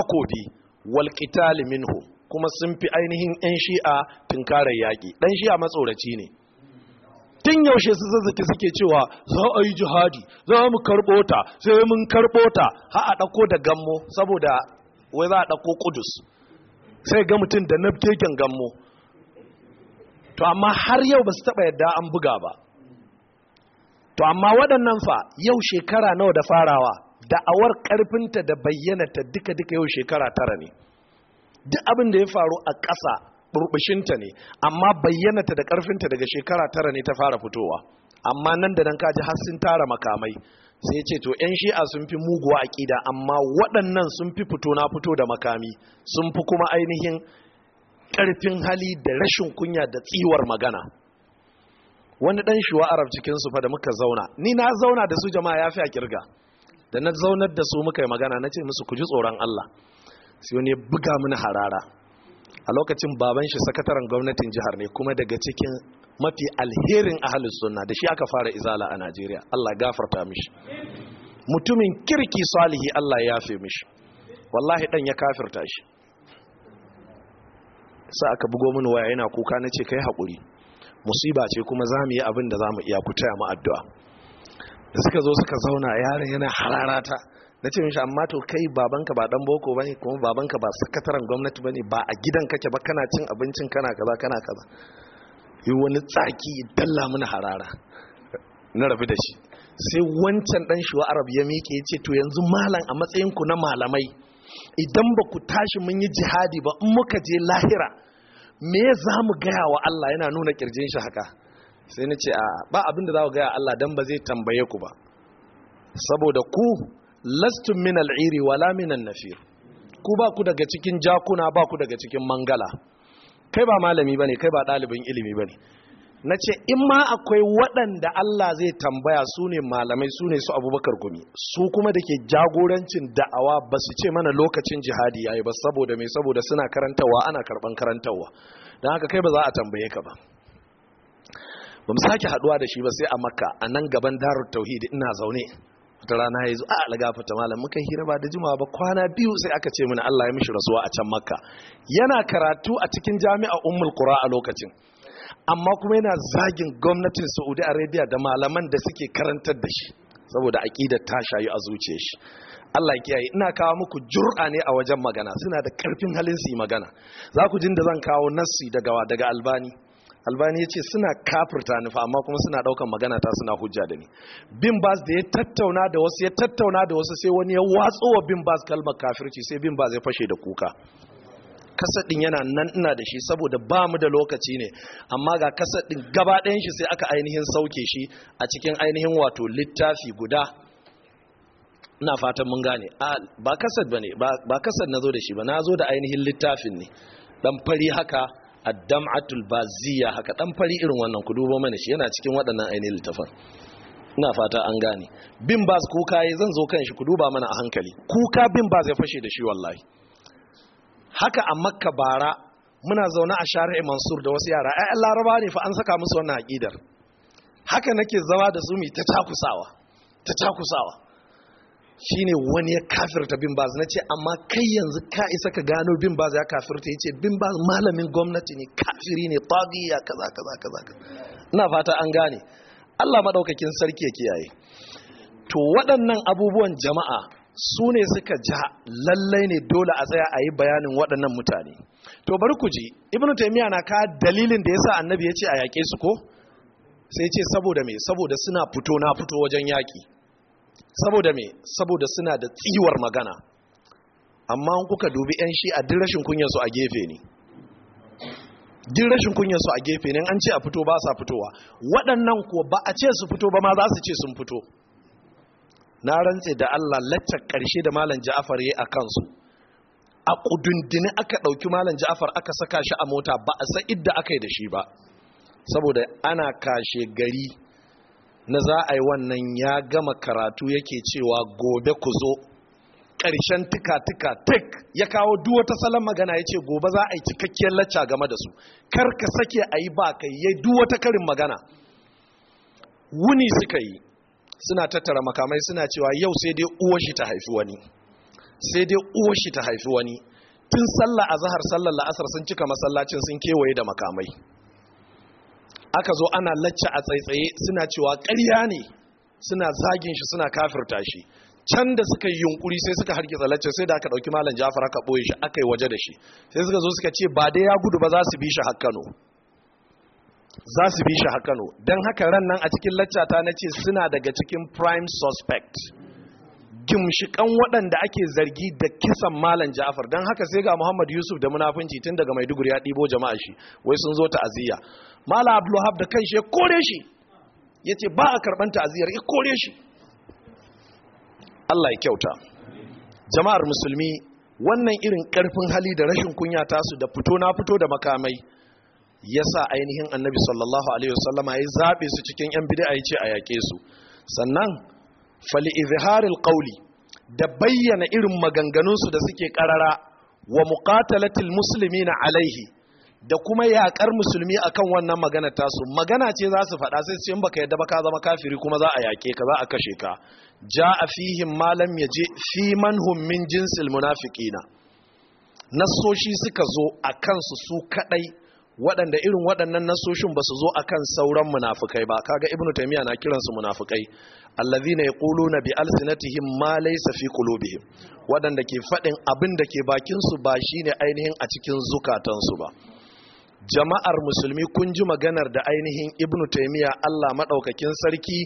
takobi wal qital minhu kuma sun fi ainihin yan shi'a tunkarar yaƙi ɗan shi'a matsoraci ne tun yaushe su zazzaki suke cewa za a yi jihadi za mu karɓo ta sai mun karɓo ta ha a ɗauko da gammo saboda wai za a ɗauko kudus sai ga mutum da na keken gammo to amma har yau ba su taɓa yadda an buga ba to amma waɗannan fa yau shekara nawa da farawa da'awar karfinta da bayyanata duka-duka yau shekara tara ne duk abin da ya faru a ƙasa burbushinta ne amma bayyanata da karfinta daga shekara tara ne ta fara fitowa amma nan da nan kaji har sun tara makamai sai ce to 'yan shi'a sun fi muguwa a ƙida, amma waɗannan sun fi fito na fito da makami sun fi kuma ainihin ƙarfin hali da rashin kunya da tsiwar magana wani ɗan shuwa arab cikinsu fa da muka zauna ni na zauna da su jama'a ya fi a kirga da na zaunar da su muka yi magana na ce musu ku ji tsoron Allah sai wani buga mini harara a lokacin baban shi sakataren gwamnatin jihar ne kuma daga cikin mafi alherin ahalus sunna da shi aka fara izala a Najeriya Allah gafarta mishi mutumin kirki salihi Allah ya yafe mishi wallahi dan ya kafirta shi sa aka bugo mini waya yana kuka na ce kai hakuri musiba ce kuma zamu yi abin da zamu iya ku taya mu addu'a da suka zo suka zauna yaron yana hararata na ce mishi amma to kai babanka ba dan boko ne, kuma babanka ba sakataren gwamnati ba ne, ba a gidan kake ba kana cin abincin kana kaza kana kaza yi wani tsaki dalla mini harara na rabu da shi sai wancan dan shi wa arab ya miƙe ya ce to yanzu malam a matsayin ku na malamai idan ba ku tashi mun yi jihadi ba in muka je lahira me za mu gaya wa Allah yana nuna kirjin shi haka sai na ce a ba abinda za ku gaya Allah dan ba zai tambaye ku ba saboda ku lastun min al'iri wala minan nafir ku ba ku daga cikin jakuna ba ku daga cikin mangala kai ba malami ba ne kai ba ɗalibin ilimi ba ne na ce in ma akwai waɗanda Allah zai tambaya su ne malamai su ne su abubakar gumi su kuma da ke jagorancin da'awa ba su ce mana lokacin jihadi yi ba saboda mai saboda suna karantarwa ana karɓan karantawa, don haka kai ba za a tambaye ka ba ba mu sake haduwa da shi ba sai a makka a nan gaban darul tauhidi ina zaune wata rana ya zo a algafa ta malam muka hira ba da jimawa ba kwana biyu sai aka ce mana Allah ya mishi rasuwa a can makka yana karatu a cikin jami'a ummul qura a lokacin amma kuma yana zagin gwamnatin saudi arabia da malaman da suke karantar da shi saboda aqidar ta shayi a zuciyar shi Allah ya kiyaye ina kawo muku jur'a ne a wajen magana suna da karfin halin su yi magana za ku jin da zan kawo nassi daga daga albani albani ya ce suna kafirta nufa amma kuma suna daukan magana ta suna hujja da ni bin bas da ya tattauna da wasu ya tattauna da wasu sai wani ya watso wa bin bas kalmar kafirci sai bin bas ya fashe da kuka kasadin yana nan ina da shi saboda ba mu da lokaci ne amma ga kasadin gaba ɗayan shi sai aka ainihin sauke shi a cikin ainihin wato littafi guda ina fatan mun gane ba kasad ba ne ba kasad na zo da shi ba na zo da ainihin littafin ne dan fari haka addam'atul baziya haka dan fari irin wannan ku dubo mana shi yana cikin waɗannan ainihin littafin ina fata an gane bin bas kuka yi zan zo kan shi ku duba mana a hankali kuka bin bas ya fashe da shi wallahi haka a makka bara muna zaune a shari'i mansur da wasu yara ai laraba ne fa an saka musu wannan aqidar haka nake zama da su ta takusawa ta takusawa shine wani ya kafirta bin baz na ce amma kai yanzu ka isa ka gano bin baz ya kafirta ya ce bin baz malamin gwamnati ne kafiri ne tabiya kaza kaza kaza ina fata an gane Allah maɗaukakin sarki ya kiyaye to waɗannan abubuwan jama'a su ne suka ja lallai ne dole a tsaya a yi bayanin waɗannan mutane to bari ku ji ibnu taymiya na ka dalilin da yasa annabi ya ce a yaƙe su ko sai ce saboda me saboda suna fito na fito wajen yaƙi saboda me saboda suna da tsiwar magana amma kuka dubi 'yan shi a dirashin rashin kunyarsu a gefe ne dirashin rashin a gefe ne an ce a fito ba sa fitowa waɗannan kuwa ba a ce su fito ba ma za su ce sun fito na rantse da allah laccar ƙarshe da malam ja'afar ya a kansu a ƙudundini aka ɗauki malam ja'afar aka saka shi a mota ba a sa idda aka yi da shi ba saboda ana kashe gari na za a yi wannan ya gama karatu yake cewa gobe ku zo ƙarshen tuka-tuka tek ya kawo duk wata salon magana ya ce gobe za a yi cikakkiyar lacca game da su kar ka sake a yi ba ka yi duk wata karin magana wuni suka yi suna tattara makamai suna cewa yau sai dai uwar shi ta haifi wani sai dai uwar shi ta haifi wani tun sallah a zahar sallar la'asar sun cika masallacin sun kewaye da makamai aka zo ana lacca a tsaitsaye suna cewa ƙarya ne suna zagin shi suna kafirta shi can da suka yi yunkuri sai suka harki lacca sai da aka ɗauki malam jafar aka ɓoye shi aka yi waje da shi sai suka zo suka ce ba dai ya gudu ba za su bi shi har kano za su bi shi har don haka ran nan a cikin ta na ce suna daga cikin prime suspect gimshikan waɗanda ake zargi da kisan malam Jafar, don haka sai ga muhammad yusuf da munafunci tun daga maiduguri ya ɗibo jama'a shi wai sun zo ta'aziyya mala abdullahab da kanshi ya kore shi ya ce ba a karɓar ta'aziyar ya kore shi allah ya kyauta jama'ar musulmi wannan irin ƙarfin hali da rashin kunya tasu da fito na fito da makamai ya sa ainihin annabi sallallahu alaihi wasallama ya zaɓe su cikin 'yan bida ya ce a yaƙe su sannan fali izharil ƙauli da bayyana irin maganganunsu da suke ƙarara wa musulmi na alaihi da kuma yaƙar musulmi akan wannan magana tasu magana ce za su faɗa sai sun baka yadda ba zama kafiri kuma za a yaƙe ka za a kashe ka ja a fihim malam ya je fi manhum min jinsil munafiqina nasoshi suka zo a kansu su kaɗai waɗanda irin waɗannan nasoshin ba su zo a kan sauran munafukai ba kaga ibnu taimiyya na kiransu munafukai allazina na bi alsinatihim ma laysa fi qulubihim waɗanda ke faɗin abin da ke bakinsu ba shine ainihin a cikin zukatansu ba jama'ar musulmi kun ji maganar da ainihin ibnu taimiyya allah maɗaukakin sarki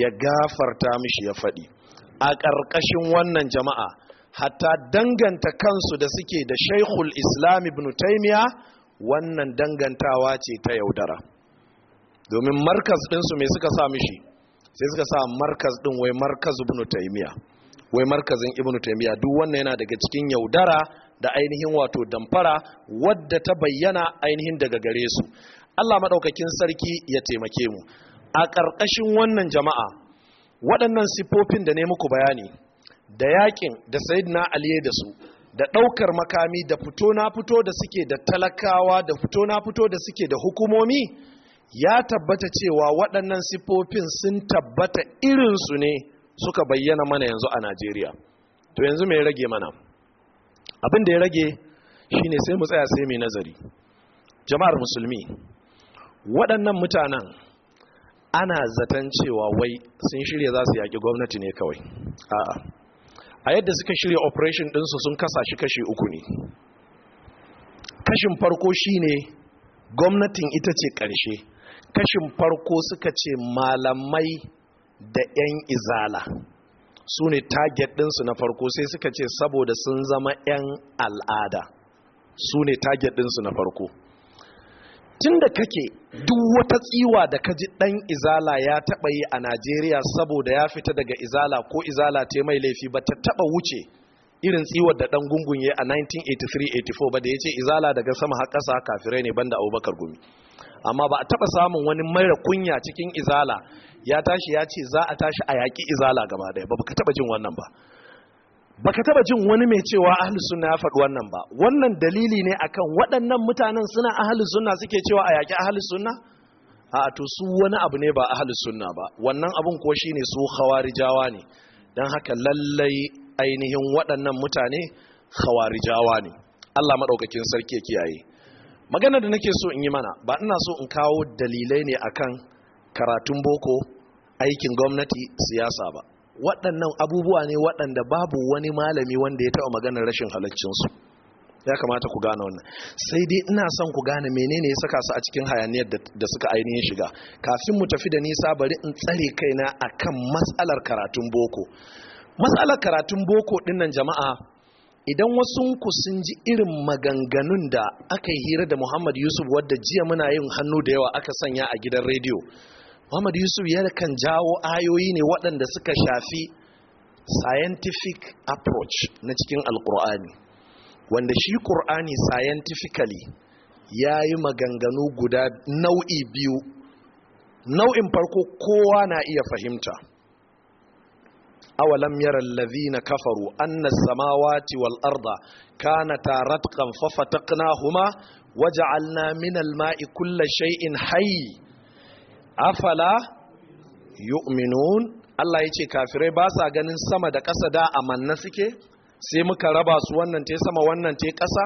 ya gafarta mishi ya faɗi a ƙarƙashin wannan jama'a hatta danganta kansu da suke da shaikhul islam ibn taimiya wannan dangantawa ce ta yaudara domin markas ɗinsu mai suka sa mishi sai suka sa markaz ɗin wai markaz ibn taimiya wai markazin ibn taimiya duk wannan yana daga cikin yaudara da ainihin wato damfara wadda ta bayyana ainihin daga gare su Allah maɗaukakin sarki ya taimake mu a ƙarƙashin wannan jama'a waɗannan sifofin da ne muku bayani da yaƙin, da na aliye da su da ɗaukar makami da fito na fito da suke da talakawa da fito na fito da suke da hukumomi ya tabbata cewa waɗannan sifofin sun tabbata irinsu ne suka bayyana mana yanzu a najeriya to yanzu mai rage mana abin da ya rage shine sai mu tsaya sai mai nazari jama'ar musulmi waɗannan mutanen ana zaton cewa wai sun shirya za su yaƙi gwamnati ne kawai a'a a yadda suka shirya operation ɗinsu sun kasa shi kashe uku ne kashin farko shine gwamnatin ita ce ƙarshe kashin farko suka ce malamai da 'yan izala su ne target ɗinsu na farko sai suka ce saboda sun zama 'yan al'ada su ne target ɗinsu na farko tun da kake duk wata tsiwa da kaji ɗan izala ya taɓa yi a najeriya saboda ya fita daga izala ko izala ta mai laifi ba ta taɓa wuce irin tsiwar da ɗan gungun ya a 1983-84 ba da ya ce izala daga sama har ƙasa kafirai ne banda abubakar gumi amma ba a taba samun wani mara kunya cikin izala ya tashi ya ce za a tashi a yaƙi izala gaba ɗaya ba ka taba jin wannan ba Ba ka taba jin wani mai cewa ahli suna ya faɗi wannan ba wannan dalili ne akan waɗannan mutanen suna ahli suna suke cewa a yaƙi ahli suna a to su wani abu ne ba ahli suna ba wannan abun ko shine su khawarijawa ne dan haka lallai ainihin waɗannan mutane khawarijawa ne Allah maɗaukakin sarki ya kiyaye magana da nake so in yi mana ba ina so in kawo dalilai ne akan karatun boko aikin gwamnati siyasa ba waɗannan abubuwa ne waɗanda babu wani malami wanda ya taɓa maganar rashin halaccinsu ya kamata ku gane wannan sai dai ina son ku gane menene ya saka su a cikin hayaniyar da suka ainihin shiga kafin mu tafi da nisa bari in tsare kaina akan matsalar karatun boko matsalar karatun boko dinnan jama'a idan wasunku sun ji irin maganganun da aka yi hira da muhammad yusuf wadda jiya muna yin hannu da yawa aka sanya a gidan rediyo muhammad yusuf ya kan jawo ayoyi ne waɗanda suka shafi scientific approach na cikin alkur'ani wanda shi kur'ani scientifically ya yi maganganu guda nau'i biyu nau'in farko kowa na iya fahimta awalam yara allazina kafaru anna samawati wal arda kanata ratqan fafataqnahuma waja'alna min al ma'i kulla shay'in hayy afala yu'minun Allah yace kafirai ba sa ganin sama da ƙasa da amanna suke sai muka raba su wannan te sama wannan te ƙasa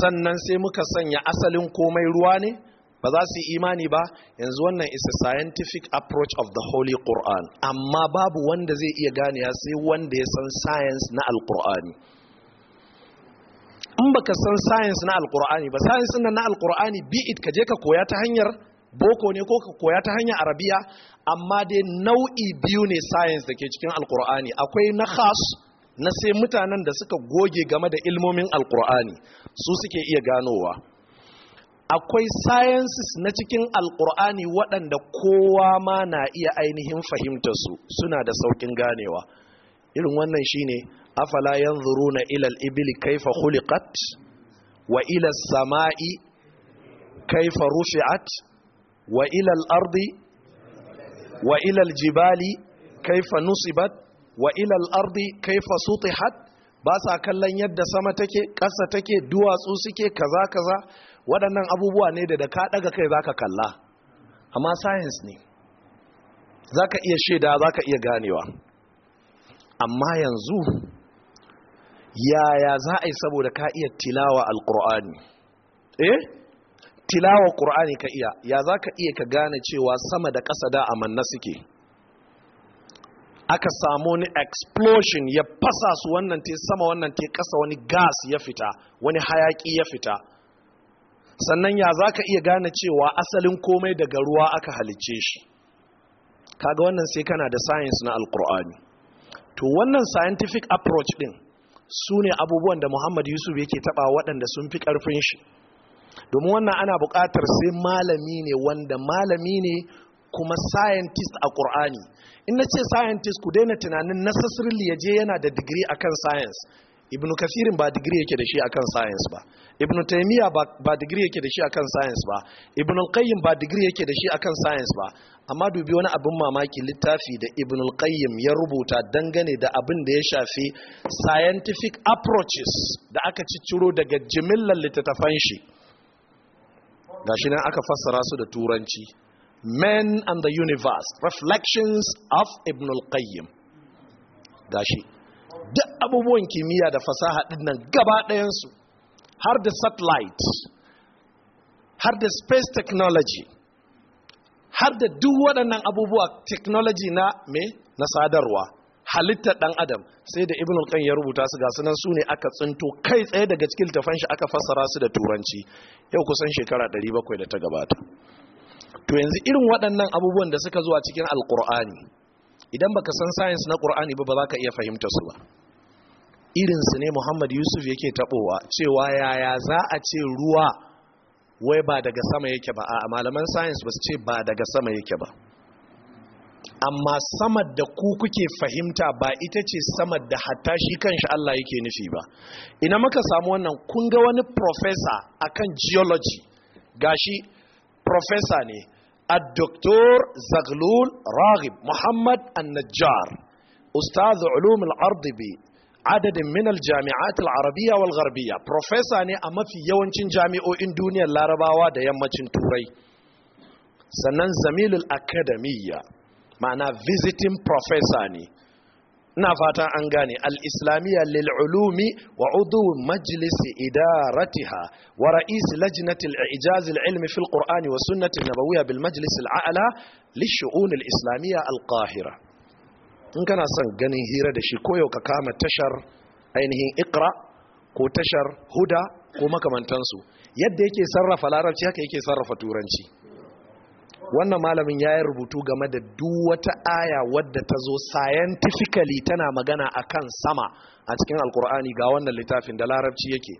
sannan sai muka sanya asalin komai ruwa ne ba za su yi imani ba yanzu wannan is a scientific approach of the holy quran amma babu wanda zai iya gane ya sai wanda ya san science na alkur'ani in baka san science na alkur'ani ba science na alkur'ani bi it ka je ka koya ta hanyar boko ne ko ka koya ta hanyar arabiya amma dai nau'i biyu ne science da ke cikin alkur'ani akwai na khas na sai mutanen da suka goge game da ilmomin alkur'ani su suke iya ganowa akwai sciences na cikin alkur'ani waɗanda kowa ma na iya ainihin fahimtarsu suna da saukin ganewa irin wannan shine afala yanzuruna ila al-ibli kaifa khuliqat wa ila samai kaifa rufi'at wa ila al-ardi wa ila al-jibali kaifa nusibat wa ila al-ardi kaifa sutihat ba sa kallon yadda sama take ƙasa take duwatsu suke kaza kaza waɗannan abubuwa ne da da ka ɗaga kai za ka kalla amma science ne za ka iya shaida za ka iya ganewa amma yanzu yaya za a yi saboda ka iya tilawa alkur'ani eh tilawa ƙur'ani ka iya ya za ka iya ka gane cewa sama da ƙasa da amanna suke aka samu wani explosion ya fasa su wannan te sama wannan te ƙasa wani gas ya fita wani hayaƙi ya fita sannan ya za ka iya gane cewa asalin komai daga ruwa aka halicce shi kaga wannan sai kana da science na alkur'ani to wannan scientific approach din su ne abubuwan da muhammad yusuf yake taba waɗanda sun fi ƙarfin shi domin wannan ana buƙatar sai malami ne wanda malami ne kuma scientist a ƙur'ani in na ce scientist ku daina tunanin necessarily ya je yana da digiri akan science ibnu kasirin ba digiri yake da shi akan science ba ibnu taimiyya ba digiri yake da shi akan science ba ibnu Alqayyim ba digiri yake da shi akan science ba amma dubi wani abin mamaki littafi da ibnu Alqayyim ya rubuta dangane da abin da ya shafi scientific approaches da aka cicciro daga jimillar littattafan shi gashi nan aka fassara su da turanci men and the universe reflections of ibnu ga gashi duk abubuwan kimiyya da fasaha ɗin nan gaba ɗayansu har da satellite har da space technology har da duk waɗannan abubuwa technology na me na sadarwa halittar ɗan adam sai da ibn al ya rubuta su ga sunan su ne aka tsinto kai tsaye daga cikin tafan shi aka fassara su da turanci yau kusan shekara 700 da ta gabata to yanzu irin waɗannan abubuwan da suka zuwa cikin alkur'ani idan baka san science na qur'ani ba ba za ka iya fahimta su ba irin su ne muhammad yusuf yake tabowa cewa yaya za a ce ruwa wai ba daga sama yake ba a malaman science ba su ce ba daga sama yake ba amma sama da ku kuke fahimta ba ita ce sama da hatta shi kanshi Allah yake nufi ba ina muka samu wannan kun ga wani professor akan geology gashi professor ne الدكتور زغلول راغب محمد النجار استاذ علوم العرض عدد من الجامعات العربيه والغربيه بروفيسور ني اما في يوانشين جامعو ان دنيا لارباوا ده يمچين توراي سنن زميل الاكاديميه معناه visiting professor ني ina fata an gane al-islamiyya lil ulumi wa udhu majlis idaratiha wa ra'is lajnati ijazil ilmi al-ilm wa sunnati nabawiyya bil majlis ala al-islamiyya al-qahira in kana son ganin hira da shi koyo ka kama tashar ainihin iqra ko tashar huda ko makamantansu yadda yake sarrafa larabci haka yake sarrafa turanci wannan malamin ya yi rubutu game da duk wata aya wadda ta zo scientifically tana magana akan sama a cikin alkur'ani ga wannan littafin da larabci yake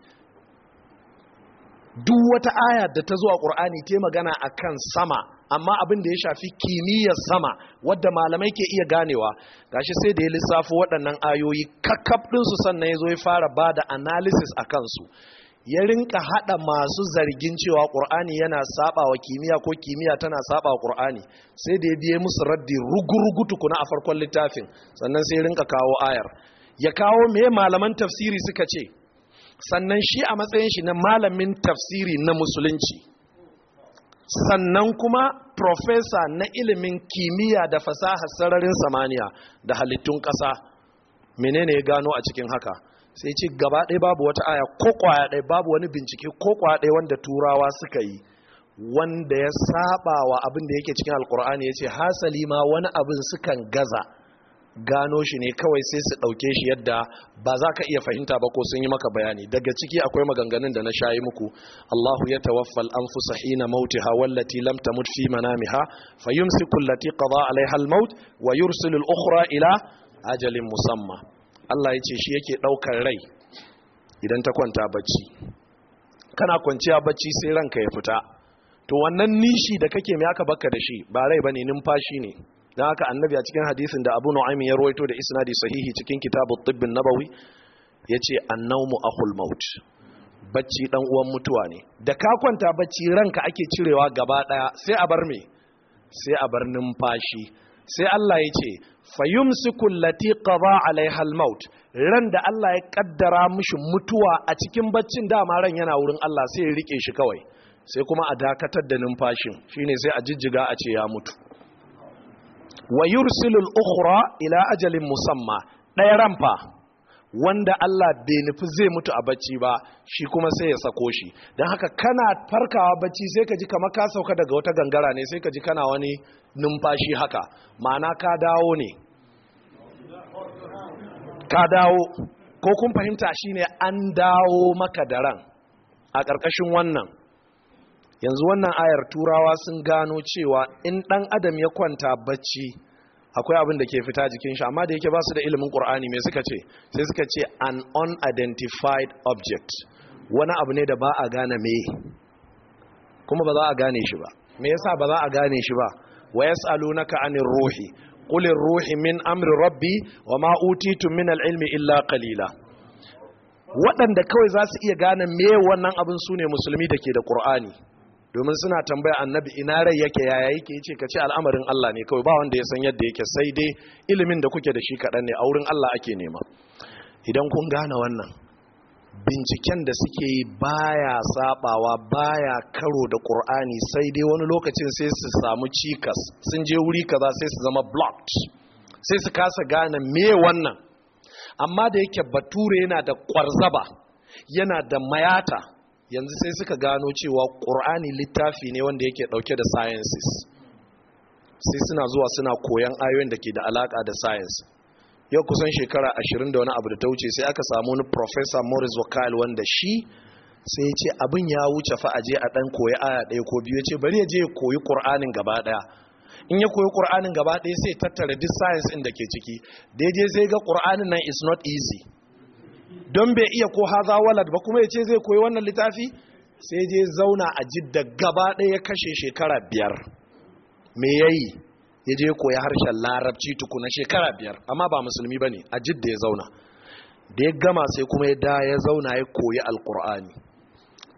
duk wata aya da ta zo a ƙur'ani ta magana akan sama amma abin da ya shafi kimiyyar sama wadda malamai ke iya ganewa gashi sai da ya lissafo waɗannan ayoyi kakkaf ɗinsu sannan ya zo ya fara ba da analysis a kansu ya rinka hada masu zargin cewa ƙur'ani yana saba wa kimiyya ko kimiyya tana saba wa sai da ya biya musu raddi rugu-rugu tukuna a farkon littafin sannan sai rinka kawo ayar ya kawo me malaman tafsiri suka ce sannan shi a matsayin shi na malamin tafsiri na musulunci sannan kuma profesa na ilimin kimiyya da fasahar sararin samaniya da halittun ƙasa menene ya gano a cikin haka sai ce gaba ɗaya babu wata aya ko kwaya ɗaya babu wani bincike ko kwaya ɗaya wanda turawa suka yi wanda ya saba wa abin da yake cikin alkur'ani ya ce hasali ma wani abin sukan gaza gano shi ne kawai sai su ɗauke shi yadda ba za ka iya fahimta ba ko sun yi maka bayani daga ciki akwai maganganun da na shayi muku Allahu ya tawaffal anfusa hina ha wallati lam tamut fi manamiha fayumsiku allati qada alaiha al-maut wa yursilu al-ukhra ila ajalin musamma Allah ya ce shi yake ɗaukar rai idan ta kwanta bacci kana kwanciya bacci sai ranka ya fita to wannan nishi da kake mai aka baka da shi ba rai bane numfashi ne dan haka annabi a cikin hadisin da Abu Nu'aym ya rawaito da isnadi sahihi cikin kitabut tibb an-nabawi yace an-nawmu akhul maut bacci dan uwan mutuwa ne da ka kwanta bacci ranka ake cirewa gaba daya sai a bar me sai a bar numfashi sai Allah ya ce fayumsiku lati qada alaiha halmaut, ran da Allah ya kaddara mushi mutuwa a cikin baccin dama ran yana wurin Allah sai ya rike shi kawai sai kuma a dakatar da numfashin shine sai a jijjiga a ce ya mutu wa yursilu al-ukhra ila ajalin musamma ɗaya ran fa wanda Allah bai nufi zai mutu a bacci ba shi kuma sai ya sako shi don haka kana farkawa bacci sai ka ji kama ka sauka daga wata gangara ne sai ka ji kana wani numfashi haka ma'ana ka dawo ne ka dawo ko kun fahimta shine an dawo maka da ran a ƙarƙashin wannan yanzu wannan ayar turawa sun gano cewa in ɗan adam ya kwanta bacci akwai abin da ke fita jikin shi amma da yake ba su da ilimin ƙur'ani mai suka ce sai suka ce an unidentified object wani abu ne da ba a gane me kuma ba za a gane shi ba me yasa ba za a gane shi ba wa na anir ruhi ƙulin ruhi min amri rabbi wa ma utitu min al'ilmi illa kalila. waɗanda kawai za su iya gane me wannan abin su ne musulmi da ke da ƙur'ani domin suna tambaya annabi ina rai yake yaya yake ce ka ce al'amarin Allah ne kawai ba wanda ya san yadda yake sai dai ilimin da kuke da shi kaɗan ne a wurin Allah ake nema idan kun gane wannan binciken da suke yi baya sabawa baya karo da ƙur'ani sai dai wani lokacin sai su samu cikas sun je wuri kaza sai su zama blocked sai su kasa gane me wannan amma da yake bature yana da ƙwarzaba yana da mayata yanzu sai suka gano cewa ƙur'ani littafi ne wanda yake ɗauke da sciences sai suna zuwa suna koyon ayoyin da ke da alaƙa da science yau kusan shekara ashirin da wani abu da ta wuce sai aka samu wani professor morris wakil wanda shi sai ce abin ya wuce fa'aje a dan koyi aya ɗaya ko biyu Ya ce bari ya je ya koyi qur'anin gaba ɗaya in ya koyi qur'anin gaba ɗaya sai tattara duk science ɗin da ke ciki daidai sai ga qur'anin nan is not easy don bai iya ko haza walad ba kuma ya ce zai koyi wannan littafi sai je zauna a jidda gaba ɗaya ya kashe shekara biyar me yayi ya je koya harshen larabci tukuna shekara biyar amma ba musulmi ba ne a jidda ya zauna da ya gama sai kuma ya da ya zauna ya koyi alkur'ani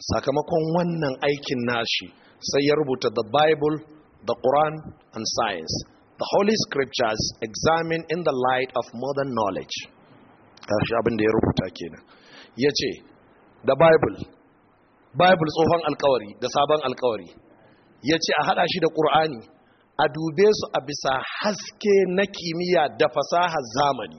sakamakon wannan aikin nashi sai ya rubuta the bible the quran and science the holy scriptures examine in the light of modern knowledge karshe abin da ya rubuta kenan ya ce the bible bible tsohon alkawari da sabon alkawari ya ce a hada shi da ƙur'ani a dube su a bisa haske na kimiyya da fasahar zamani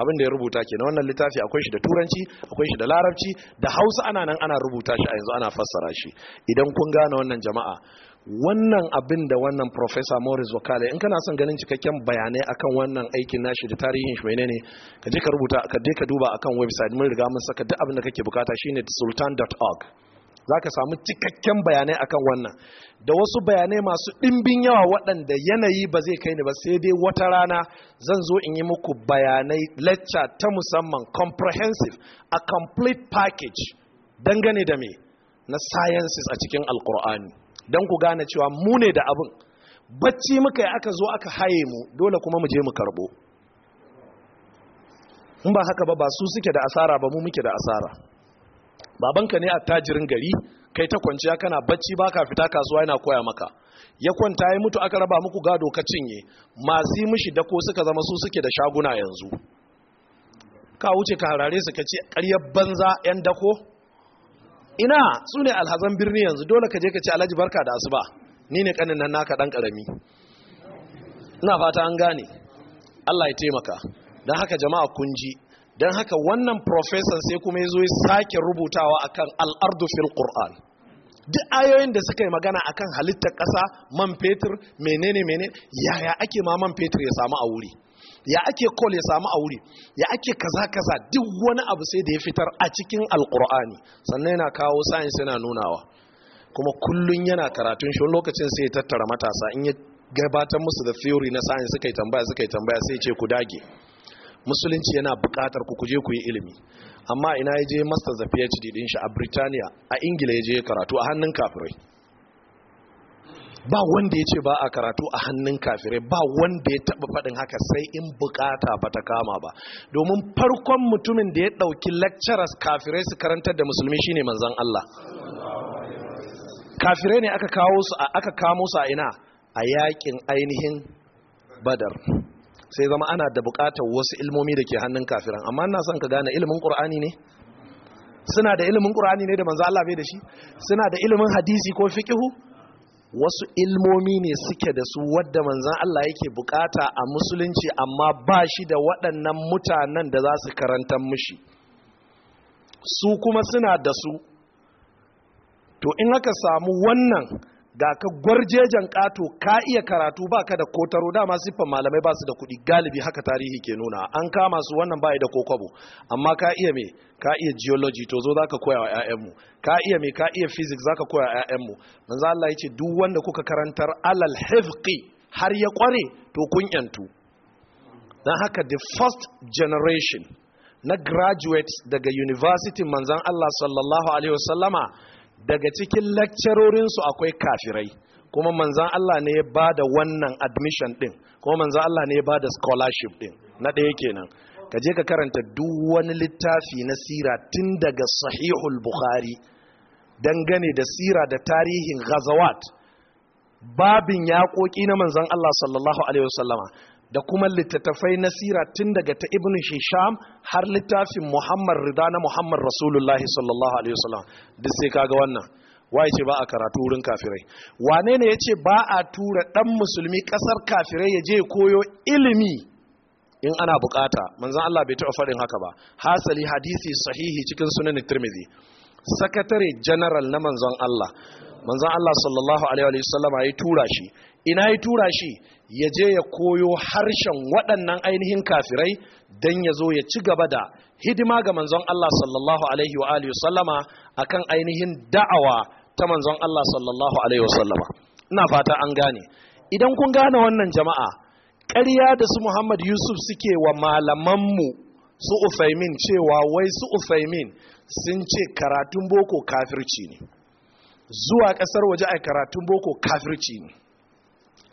abin da ya rubuta ke na wannan littafi akwai shi da turanci akwai shi da larabci da hausa ana nan ana rubuta shi a yanzu ana fassara shi idan kun gane wannan jama'a wannan abin da wannan professor morris wakale in kana son ganin cikakken bayanai akan wannan aikin nashi da tarihin shi menene ka je ka rubuta ka je ka duba akan website mun riga mun saka duk abin da kake bukata shine sultan.org za ka samu cikakken bayanai akan wannan da wasu bayanai masu ɗimbin yawa waɗanda yanayi ba zai kai ni ba sai dai wata rana zan zo in yi muku bayanai lecture ta musamman comprehensive a complete package dangane da me na sciences a cikin alkur'ani don ku gane cewa mu ne da abin bacci muka yi aka zo aka haye mu dole kuma mu je mu karbo in ba haka ba ba su suke da asara ba mu muke da asara babanka ne a tajirin gari kai ta kwanciya kana bacci ka fita kasuwa yana koya maka ya kwanta ya mutu aka raba muku gado ka cinye masu mishi da dako suka zama su suke da shaguna yanzu ka wuce ka harare su ka ce ƙaryar banza 'yan dako ina su ne alhazan birni yanzu dole ka je ka ce alhaji barka da asuba ni ne kanin nan naka dan karami ina fata an gane Allah ya taimaka don haka jama'a kun ji don haka wannan profesan sai kuma ya zo ya sake rubutawa akan al'ardu fil qur'an duk ayoyin da suka yi magana akan halittar ƙasa man fetur menene menene yaya ake ma man fetur ya samu a wuri ya ake kol ya samu a wuri ya ake kaza kaza duk wani abu sai da ya fitar a cikin alkur'ani sannan yana kawo science yana nunawa kuma kullum yana karatun shi wani lokacin sai ya tattara matasa in ya gabatar musu da theory na science suka yi tambaya suka yi tambaya sai ce ku dage musulunci yana buƙatar ku kuje ku yi ilimi amma ina ya je Zafi ya phd din shi a Britaniya, a ingila ya je karatu a hannun kafirai ba wanda ya ce ba a karatu a hannun kafirai ba wanda ya taba faɗin haka sai in bukata ba ta kama ba domin farkon mutumin da ya ɗauki lecturers kafirai su karantar da musulmi shine manzan Allah kafirai ne aka kawo su aka kamo su a ina a yakin ainihin badar sai zama ana da bukatar wasu ilmomi da ke hannun kafiran amma ina son ka gane ilimin qur'ani ne suna da ilimin qur'ani ne da manzo Allah bai da shi suna da ilimin hadisi ko fikihu? wasu ilmomi ne suke da su wadda manzan Allah yake bukata a musulunci amma ba shi da waɗannan mutanen da za su karanta mushi su kuma suna da su to in aka samu wannan ga ka gwarjejen ƙato ka iya karatu ba ka da kotaro dama siffan malamai ba su da kuɗi galibi haka tarihi ke nuna an kama su wannan ba da kokobo amma ka iya me ka iya geology to zo za ka koya wa 'ya'yanmu ka iya me ka iya physics za ka koya wa 'ya'yanmu manzo Allah ya ce duk wanda kuka karantar alal hifqi har ya kware to kun yantu dan haka the first generation na graduates daga university manzon Allah sallallahu alaihi wasallama daga cikin lakcarorinsu akwai kafirai kuma manzan Allah ne ya ba da wannan admission din kuma manzan Allah ne ya ba da scholarship din na ɗaya kenan ka je ka karanta duk wani littafi na sira tun daga sahihul bukhari dangane da sira da tarihin ghazawat babin yaƙoƙi na manzan Allah sallallahu alaihi wasallama da kuma littattafai na sira tun daga ta ibn hisham har littafin muhammad rida na muhammad Rasulullah sallallahu alaihi wasallam duk sai kaga wannan ya ce ba a karatu wurin kafirai wane ne ya ce ba a tura dan musulmi kasar kafirai ya je koyo ilimi in ana bukata manzon Allah bai taɓa farin haka ba hasali hadisi sahihi cikin sunan tirmidhi sakatare general na manzon Allah manzon Allah sallallahu alaihi wasallam ya tura shi ina ya tura shi ya je ya koyo harshen waɗannan ainihin kafirai don ya zo ya ci gaba da hidima ga manzon Allah sallallahu alaihi wa alihi sallama akan ainihin da'awa ta manzon Allah sallallahu alaihi wa sallama ina fata an gane idan kun gane wannan jama'a ƙarya da su Muhammad Yusuf suke wa malamanmu su Ufaimin cewa wai su Ufaimin sun ce karatun boko kafirci ne zuwa ƙasar waje a karatun boko kafirci ne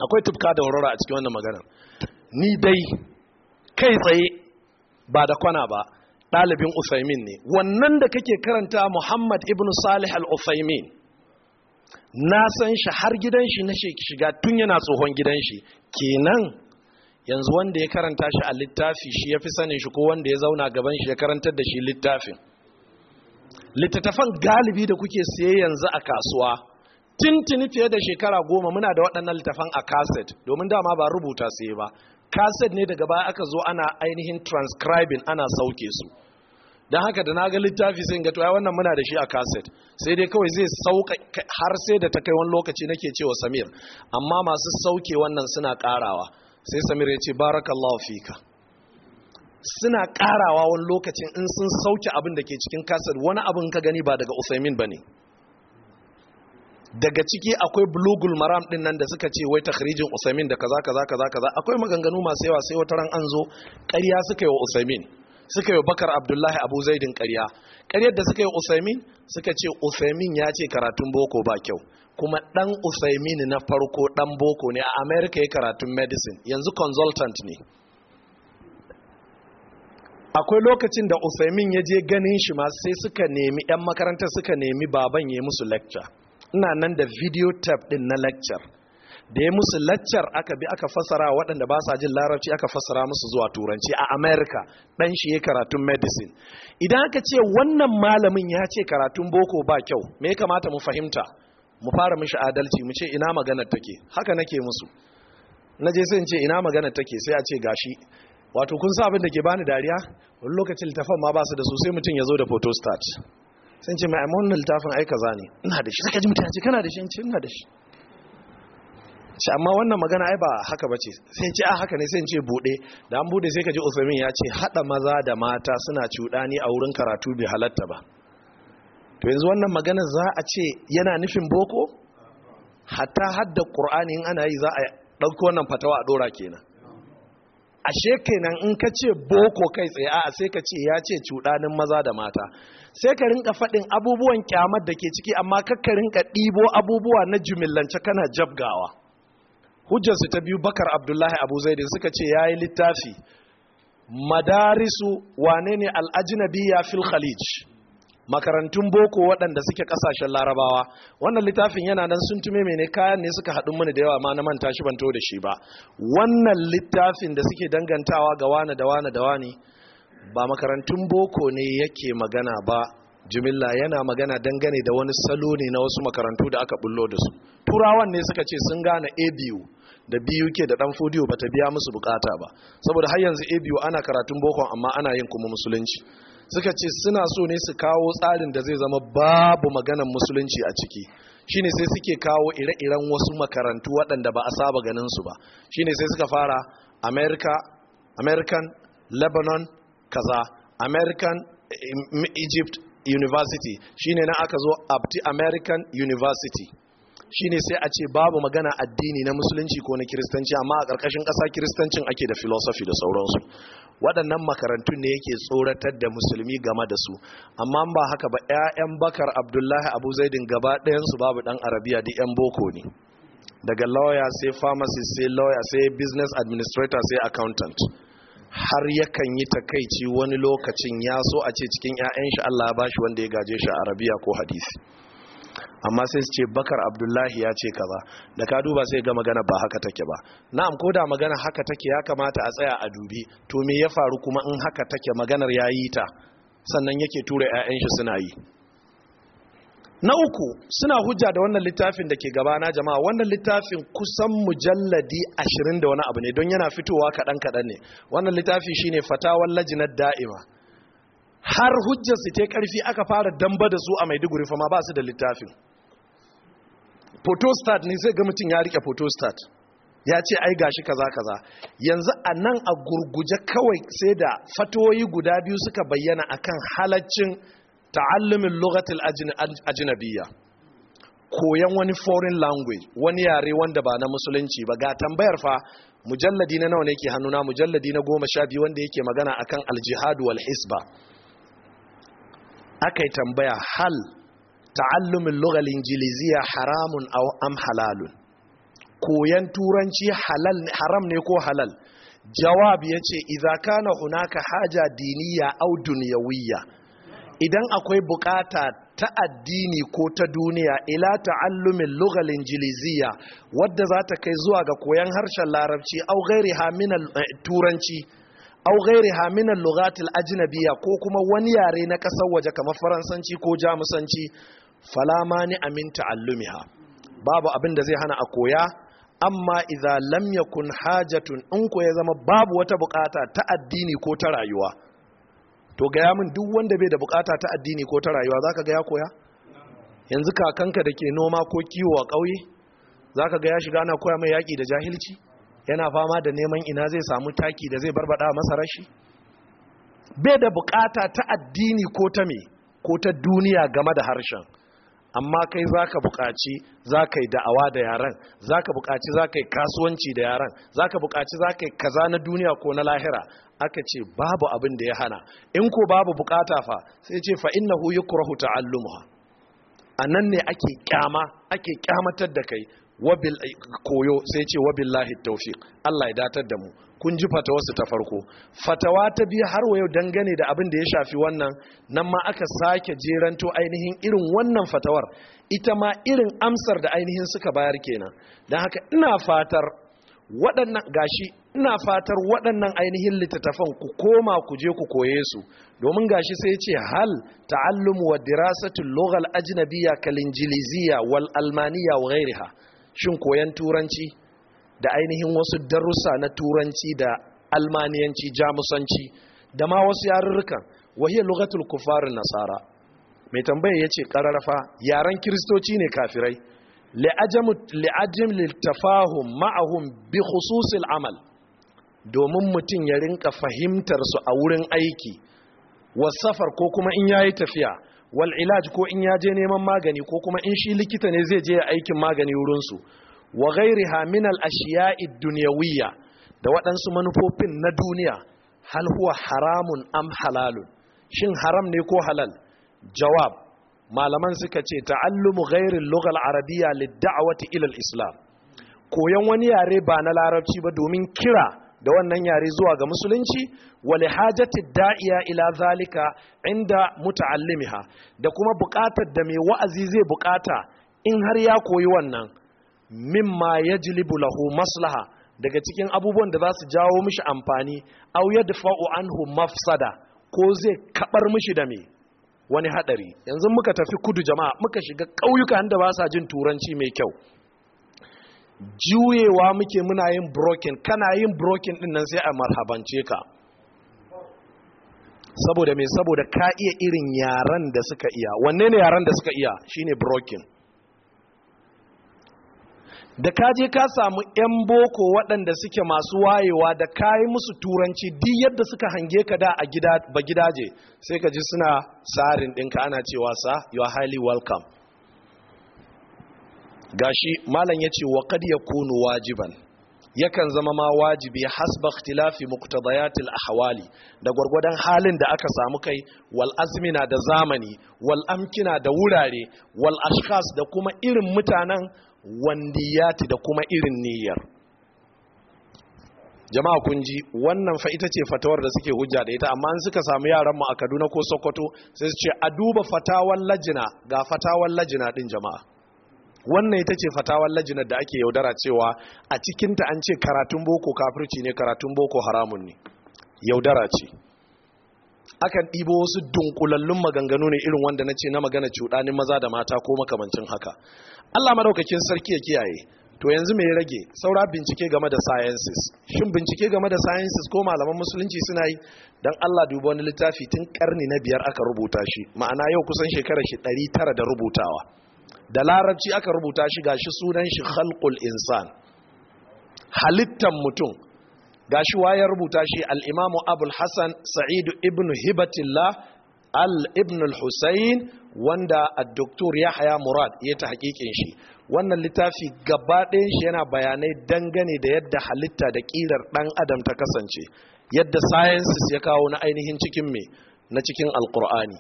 akwai tufka da warwara a cikin wannan maganar ni dai kai tsaye ba da kwana ba ɗalibin usaimin ne wannan da kake karanta muhammad ibn salih al-usaimin na san shi har gidan shi na shiga tun yana tsohon gidan shi kenan yanzu wanda ya karanta shi a littafi shi ya fi sanin shi ko wanda ya zauna gaban shi ya karantar da shi littafin littattafan galibi da kuke siye yanzu a kasuwa tintini fiye da shekara goma muna da waɗannan littafan a kaset domin dama ba rubuta su ba kaset ne daga baya aka zo ana ainihin transcribing ana sauke su don haka da na ga littafi sai ga to wannan muna da shi a kaset sai dai kawai zai sauka har sai da ta kai wani lokaci nake cewa samir amma masu sauke wannan suna karawa sai samir ya ce barakallahu fika suna karawa wani lokacin in sun sauke abin da ke cikin kaset wani abin ka gani ba daga usaimin ba ne daga ciki akwai bulugul maram din nan da suka ce wai takhrijin usaimin da kaza kaza kaza kaza akwai maganganu masu yawa sai wata ran an zo ƙarya suka yi wa usaimin suka yi bakar abdullahi abu zaidin ƙarya ƙaryar da suka yi usaimin suka ce usaimin ya ce karatun boko ba kyau kuma ɗan usaimin na farko dan boko ne a america ya karatun medicine yanzu consultant ne akwai lokacin da usaimin ya je ganin shi ma sai suka nemi 'yan makarantar suka nemi baban ya yi musu lecture ina nan da video tape din na lecture da ya musu lecture aka bi aka fasara waɗanda ba sa jin larabci aka fasara musu zuwa turanci a america ɗan shi ya karatun medicine idan aka ce wannan malamin ya ce karatun boko ba kyau me ya kamata mu fahimta mu fara mishi adalci mu ce ina maganar take haka nake musu na je sai in ce ina maganar take sai a ce gashi wato kun sa abin da ke bani dariya wani lokacin littafan ma ba su da su sai mutum ya zo da photostat sun ce mai amma littafin aika kaza ne ina da shi saka ji mutane kana da shi in ce ina da shi shi amma wannan magana ai ba haka ba ce sai ce a ah, haka ne sai ce bude da an bude sai ka ji usamin ya ce hada maza da mata suna ne a wurin karatu bai halatta ba to yanzu wannan magana za a ce yana nufin boko hatta hadda qur'ani in ana yi za a ɗauki wannan fatawa a ɗora kenan ashe kenan in ka ce boko kai tsaye a sai ka ce ya ce cuɗanin maza da mata sai ka rinka faɗin abubuwan kyamar da ke ciki amma ka rinka ɗibo abubuwa na jimillance kana jabgawa hujjarsu ta biyu bakar abdullahi abu zaidin suka ce ya yi littafi madarisu wane ne al'ajinabiya fil khalij makarantun boko waɗanda suke ƙasashen larabawa wannan littafin yana nan sun tume mene kayan ne suka haɗu mini da yawa ma na manta shi ban to da shi ba wannan littafin da suke dangantawa ga wane da wane da wane ba makarantun boko ne yake magana ba jimilla yana magana dangane da wani salo ne na wasu makarantu da aka bullo da su turawan ne suka ce sun gane A abu da biyu ke da dan fodiyo bata biya musu bukata ba saboda har yanzu A abu ana karatun bokon amma ana yin kuma musulunci suka ce suna so ne su kawo tsarin da zai zama babu maganan musulunci a ciki shine sai suke kawo ire-iren wasu makarantu waɗanda ba a saba ganin su ba shine sai suka fara america american lebanon kaza american eh, eh, egypt university shine na aka zo abti american university shine sai a ce babu magana addini na musulunci ko na kiristanci amma a ƙarƙashin ƙasa kiristancin ake da philosophy da sauransu waɗannan makarantun ne yake tsoratar da musulmi game da su amma ba haka ba 'ya'yan bakar abdullahi abu zaidin gaba ɗayansu babu ɗan arabiya duk 'yan boko ne daga lawyer sai pharmacist sai lawyer sai business administrator sai accountant har yakan yi takaici wani lokacin ya so a ce cikin 'ya'yan shi Allah ya bashi wanda ya gaje shi arabiya ko hadisi amma sai su ce bakar abdullahi ya ce kaza da ka duba sai ga magana ba haka take ba na'am ko da magana haka take ya kamata a tsaya a dubi to me ya faru kuma in haka take maganar ya yi ta sannan yake tura 'ya'yan shi suna yi na uku suna hujja da wannan littafin da ke gabana jama'a wannan littafin kusan mujalladi ashirin da wani abu ne don yana fitowa kaɗan kaɗan ne wannan littafi shine fatawan lajinar da'ima har hujjarsu ta karfi aka fara damba da su a maiduguri fama ba su da littafin photostat ne zai ga mutum ya rike photostat ya ce ai gashi kaza kaza yanzu a nan a gurguje kawai sai da fatoyi guda biyu suka bayyana akan halaccin ta'allumin lokacin ajnabiyya koyan wani foreign language wani yare wanda ba na musulunci ba ga tambayar fa mujalladi na nawa ne ke hannuna mujalladi na goma sha biyu wanda yake magana akan aljihadu wal hisba aka yi tambaya hal ta'allumin lugal injiliziya haramun aw am halalun koyan turanci halal haram ne ko halal jawab yace idza kana hunaka haja diniya aw dunyawiyya idan akwai bukata ta addini ko ta duniya ila ta'allumin lugal injiliziya wadda za ta kai zuwa ga koyan harshen larabci aw rihamina min eh, turanci au ghairiha min al ko kuma wani yare na kasar waje kamar faransanci ko jamusanci fala mani amin ta'allumiha babu abin da zai hana a koya amma idza lam yakun hajatun in ko ya zama babu wata bukata ta addini ko ta rayuwa to gaya min duk wanda bai da bukata ta addini ko ta rayuwa zaka ga ya koya yanzu kakanka da ke noma ko kiwo a ƙauye zaka ga ya shiga ana koya mai yaƙi da jahilci yana fama da neman ina zai samu taki da zai barbada masa shi bai da bukata ta addini ko ta me ko ta duniya game da harshen amma kai ka bukaci zaka yi da'awa da yaran zaka bukaci zaka yi kasuwanci da yaran zaka bukaci zaka yi kaza na duniya ko na lahira aka ce babu abin da ya hana in ko babu bukata fa sai ce fa innahu yukrahu ta'allumuha anan ne ake kyama ake kyamatar da kai wabil koyo sai ce wabillahi tawfiq Allah ya datar da mu kun ji fatawa su ta farko fatawa ta biyu har wayo dangane da abin da ya shafi wannan nan ma aka sake jeranto ainihin irin wannan fatawar ita ma irin amsar da ainihin suka bayar kenan dan haka ina fatar waɗannan gashi ina fatar waɗannan ainihin littattafan ku koma ku je ku koye su domin gashi sai ce hal ta'allum wa dirasatul lughal ajnabiyya kal injiliziya wal almaniya wa ghairiha shin koyan turanci da ainihin wasu darussa na turanci da almaniyanci jamusanci da ma wasu yarurrukan wahiyar lugatul kufarin nasara mai tambaya ya ce ƙararrafa yaren kiristoci ne kafirai li'ajim littafahun ma'ahun bi khususil amal domin mutum ya rinka fahimtar su a wurin aiki wasafar ko kuma in yayi tafiya wal ilaj ko in ya je neman magani ko kuma in shi likita ne zai je aikin magani wurinsu wa ghairiha haminal al ashiya'i da waɗansu manufofin na duniya hal huwa haramun am halalun shin haram ne ko halal jawab malaman suka ce ta'allumu ghairil lughal arabiyya lid da'wati ila islam koyon wani yare ba na larabci ba domin kira da wannan yare zuwa ga musulunci wale hajati da'iya ila zalika inda muta'allimiha da kuma buƙatar da mai wa'azi zai buƙata in har ya koyi wannan mimma yajlibu lahu maslaha daga cikin abubuwan da za su jawo mishi amfani aw yadfa'u anhu mafsada ko zai kabar mishi da me wani hadari yanzu muka tafi kudu jama'a muka shiga ƙauyuka da ba sa jin turanci mai kyau juyewa muke muna yin broken kana yin broken din nan sai a marhabance ka saboda me saboda ka iya irin yaran da suka iya wanne ne yaran da suka iya shine broken da ka je ka samu 'yan boko waɗanda suke masu wayewa da ka yi musu turanci duk yadda suka hange ka da a gida ba gidaje sai ka ji suna tsarin ɗinka ana cewa sa you are highly welcome gashi malam ya ce wa kad yakunu wajiban yakan zama ma wajibi hasba ikhtilafi muqtadayatil ahwali da gurgurdan halin da aka samu kai wal azmina da zamani wal amkina da wurare wal ashkhas da kuma irin mutanen wandiyati da kuma irin niyyar jama'a kun ji wannan fa ita ce fatawar da suke hujja da ita amma in suka samu yaran mu a Kaduna ko Sokoto sai su ce a duba fatawan lajina ga fatawan lajina din jama'a wannan ita ce fatawar lajinar da ake yaudara cewa a cikinta an ce karatun boko kafirci ne karatun boko haramun ne yaudara ce akan ɗibo wasu dunkulallun maganganu ne irin wanda na ce na magana cuɗanin maza da mata ko makamancin haka allah maɗaukakin sarki ya kiyaye to yanzu mai rage saura bincike game da sciences shin bincike game da sciences ko malaman musulunci suna yi don allah duba wani littafi tun karni na biyar aka rubuta shi ma'ana yau kusan shekara shi ɗari tara da rubutawa da larabci aka rubuta shi gashi sunan shi khalqul insan halittan mutum gashi waye rubuta shi al-imamu abul hasan sa'id ibn hibatillah al-ibn al-husayn wanda ad-doktor yahya murad ya ta hakikin shi wannan littafi gaba ɗayan shi yana bayanai dangane da yadda halitta da ƙirar ɗan adam ta kasance yadda sciences ya kawo na ainihin cikin me na cikin alkur'ani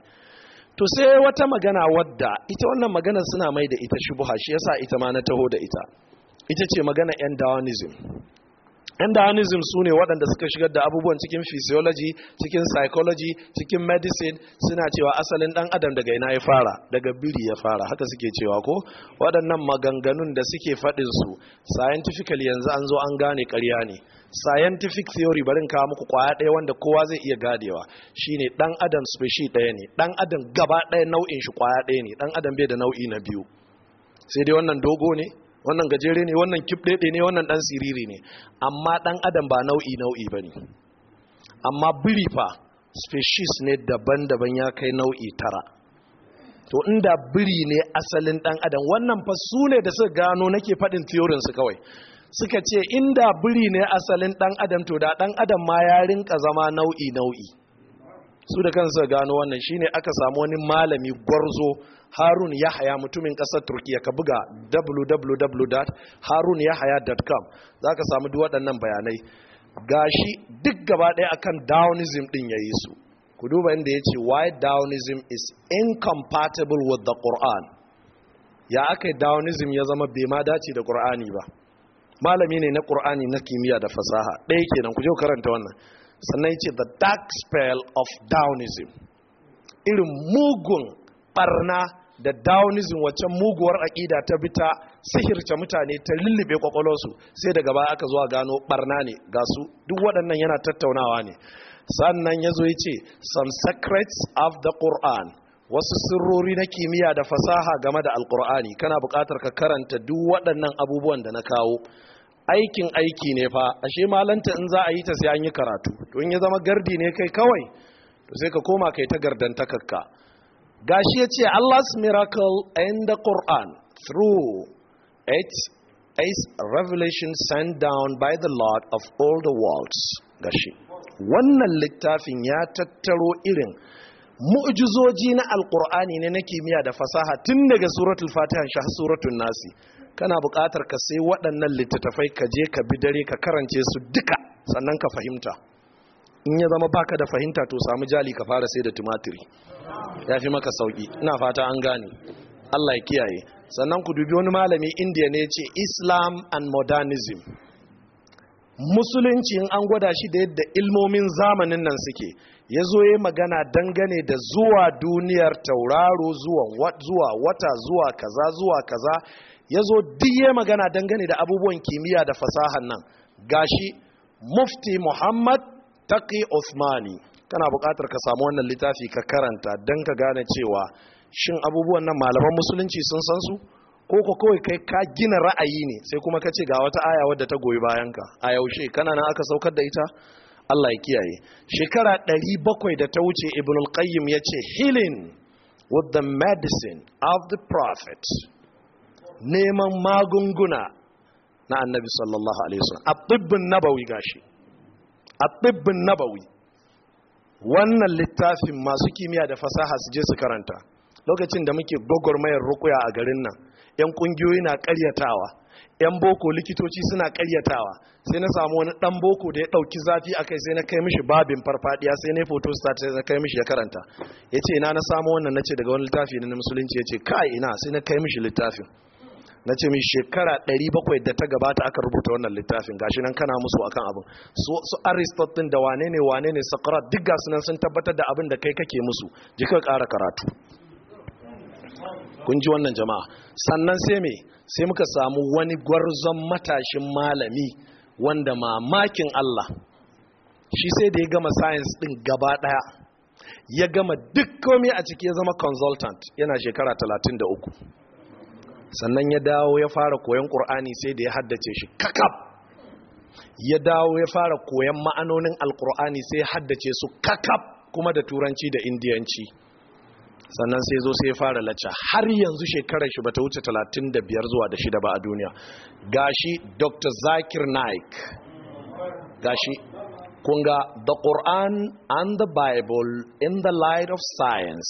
to sai wata magana wadda ita wannan magana suna mai da ita shubuha shi yasa ita ma na taho da ita ita ce magana yan dawanism yan dawanism su ne waɗanda suka shigar da abubuwan cikin physiology cikin psychology cikin medicine suna cewa asalin ɗan adam daga ina ya fara daga biri ya fara haka suke cewa ko waɗannan maganganun da suke faɗinsu scientifically yanzu an zo an gane ƙarya ne scientific theory barin kawo muku kwaya ɗaya wanda kowa zai iya gadewa shine dan adam species ɗaya ne dan adam gaba ɗaya nau'in shi kwaya ɗaya ne dan adam bai da nau'i na biyu sai dai wannan dogo ne wannan gajere ne wannan kibɗeɗe ne wannan dan siriri ne amma dan adam ba nau'i nau'i ne amma biri fa species ne daban-daban ya kai nau'i tara to inda biri ne asalin dan adam wannan fa su ne da suka gano nake faɗin theorin su kawai suka ce inda biri ne asalin dan adam to da dan adam ma ya rinka zama nau'i nau'i su da kansa gano wannan shine aka samu wani malami gwarzo harun yahaya mutumin kasar turkiya ka buga www.harunyahaya.com za ka samu duk waɗannan bayanai gashi duk gaba ɗaya akan downism ɗin ya yi su ku duba inda ya ce why downism is incompatible with the quran ya aka yi downism ya zama bai ma dace da qur'ani ba malami ne na qur'ani na kimiyya da fasaha ɗaya kenan ku je karanta wannan sannan yace the dark spell of downism irin mugun barna da downism waccan muguwar aƙida ta bita sihirce mutane ta lullube kwakwalwarsu sai daga baya aka zuwa gano ɓarna ne ga su duk waɗannan yana tattaunawa ne sannan ya zo yace, ce some secrets of the quran wasu sirrori na kimiyya da fasaha game da alkur'ani kana buƙatar ka karanta duk waɗannan abubuwan da na kawo aikin aiki ne fa ashe malanta in za a yi ta sai an yi karatu to in ya zama gardi ne kai kawai to sai ka koma kai ta gardantakarka gashi ya ce Allah's miracle in the Quran through its is revelation sent down by the Lord of all the worlds gashi wannan littafin ya tattaro irin mu'ujizoji na alqur'ani ne na kimiyya da fasaha tun daga suratul fatiha shi suratul nasi kana buƙatar ka sai waɗannan littattafai ka je ka bi dare ka karance su duka sannan ka fahimta in ya zama baka da fahimta to samu jali ka fara sai da tumatiri ya fi maka sauki ina fata an gane Allah ya kiyaye sannan ku dubi wani malami indiya ne ce islam and modernism musulunci in an gwada shi da yadda ilmomin zamanin nan suke ya zo ya magana dangane da zuwa duniyar tauraro zuwa wata zuwa kaza zuwa kaza ya zo diye magana dangane da abubuwan kimiyya da fasahan nan gashi mufti muhammad taqi usmani kana buƙatar ka samu wannan littafi ka karanta don ka gane cewa shin abubuwan nan malaman musulunci sun san su ko ko kawai kai ka gina ra'ayi ne sai kuma ka ce ga wata aya wadda ta goyi bayan ka. a yaushe kana nan aka saukar da ita Allah ya kiyaye shekara 700 da ta wuce ibn al-qayyim yace healing with the medicine of the prophet neman magunguna na annabi sallallahu alaihi wasallam a tibbin nabawi gashi a tibbin nabawi wannan littafin masu kimiyya da fasaha su je su karanta lokacin da muke mayar rukuya a garin nan yan kungiyoyi na karyatawa yan boko likitoci suna karyatawa sai na samu wani dan boko da ya dauki zafi akai sai na kai mishi babin farfadiya sai na photo start sai na kai mishi ya karanta yace ina na samu wannan nace daga wani littafi na musulunci yace kai ina sai na kai mishi littafin na ce mai shekara 700 da ta gabata aka rubuta wannan littafin gashi nan kana musu akan abin su aristotle da wane ne wane ne sakarar duk gasu nan sun tabbatar da abin da kai kake musu je ka kara karatu kun ji wannan jama'a sannan sai mai sai muka samu wani gwarzon matashin malami wanda mamakin Allah shi sai da ya gama science din gaba daya ya gama duk komai a ciki ya zama consultant yana shekara 33 sannan ya dawo ya fara koyon ƙur'ani sai da ya haddace shi kakab ya dawo ya fara koyon ma'anonin alƙur'ani sai ya haddace su kakab kuma da turanci da indiyanci sannan sai zo sai ya fara lacca har yanzu shekarar shi bata wuce 35 zuwa da shida ba a duniya gashi dr zakir naik gashi kunga the quran and the bible in the light of science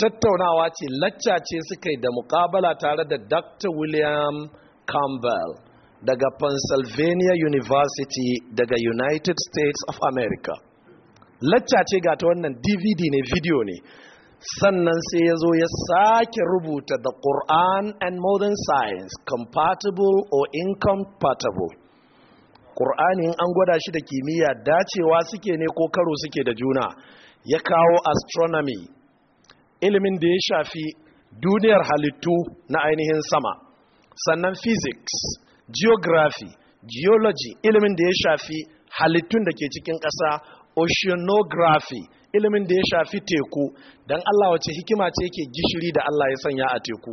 tattaunawa ce lacca ce suka yi da mukabala tare da dr william campbell daga pennsylvania university daga united states of america lacca ce ga ta wannan dvd ne video ne sannan sai ya zo ya sake rubuta the quran and modern science compatible or incompatible in an gwada shi da kimiyya dacewa suke ne ko karo suke da juna ya kawo astronomy ilimin da ya shafi duniyar halittu na ainihin sama sannan physics geography geology ilimin da ya shafi halittun da ke cikin ƙasa oceanography ilimin da ya shafi teku don allah wace hikima ce ke gishiri da allah ya sanya a teku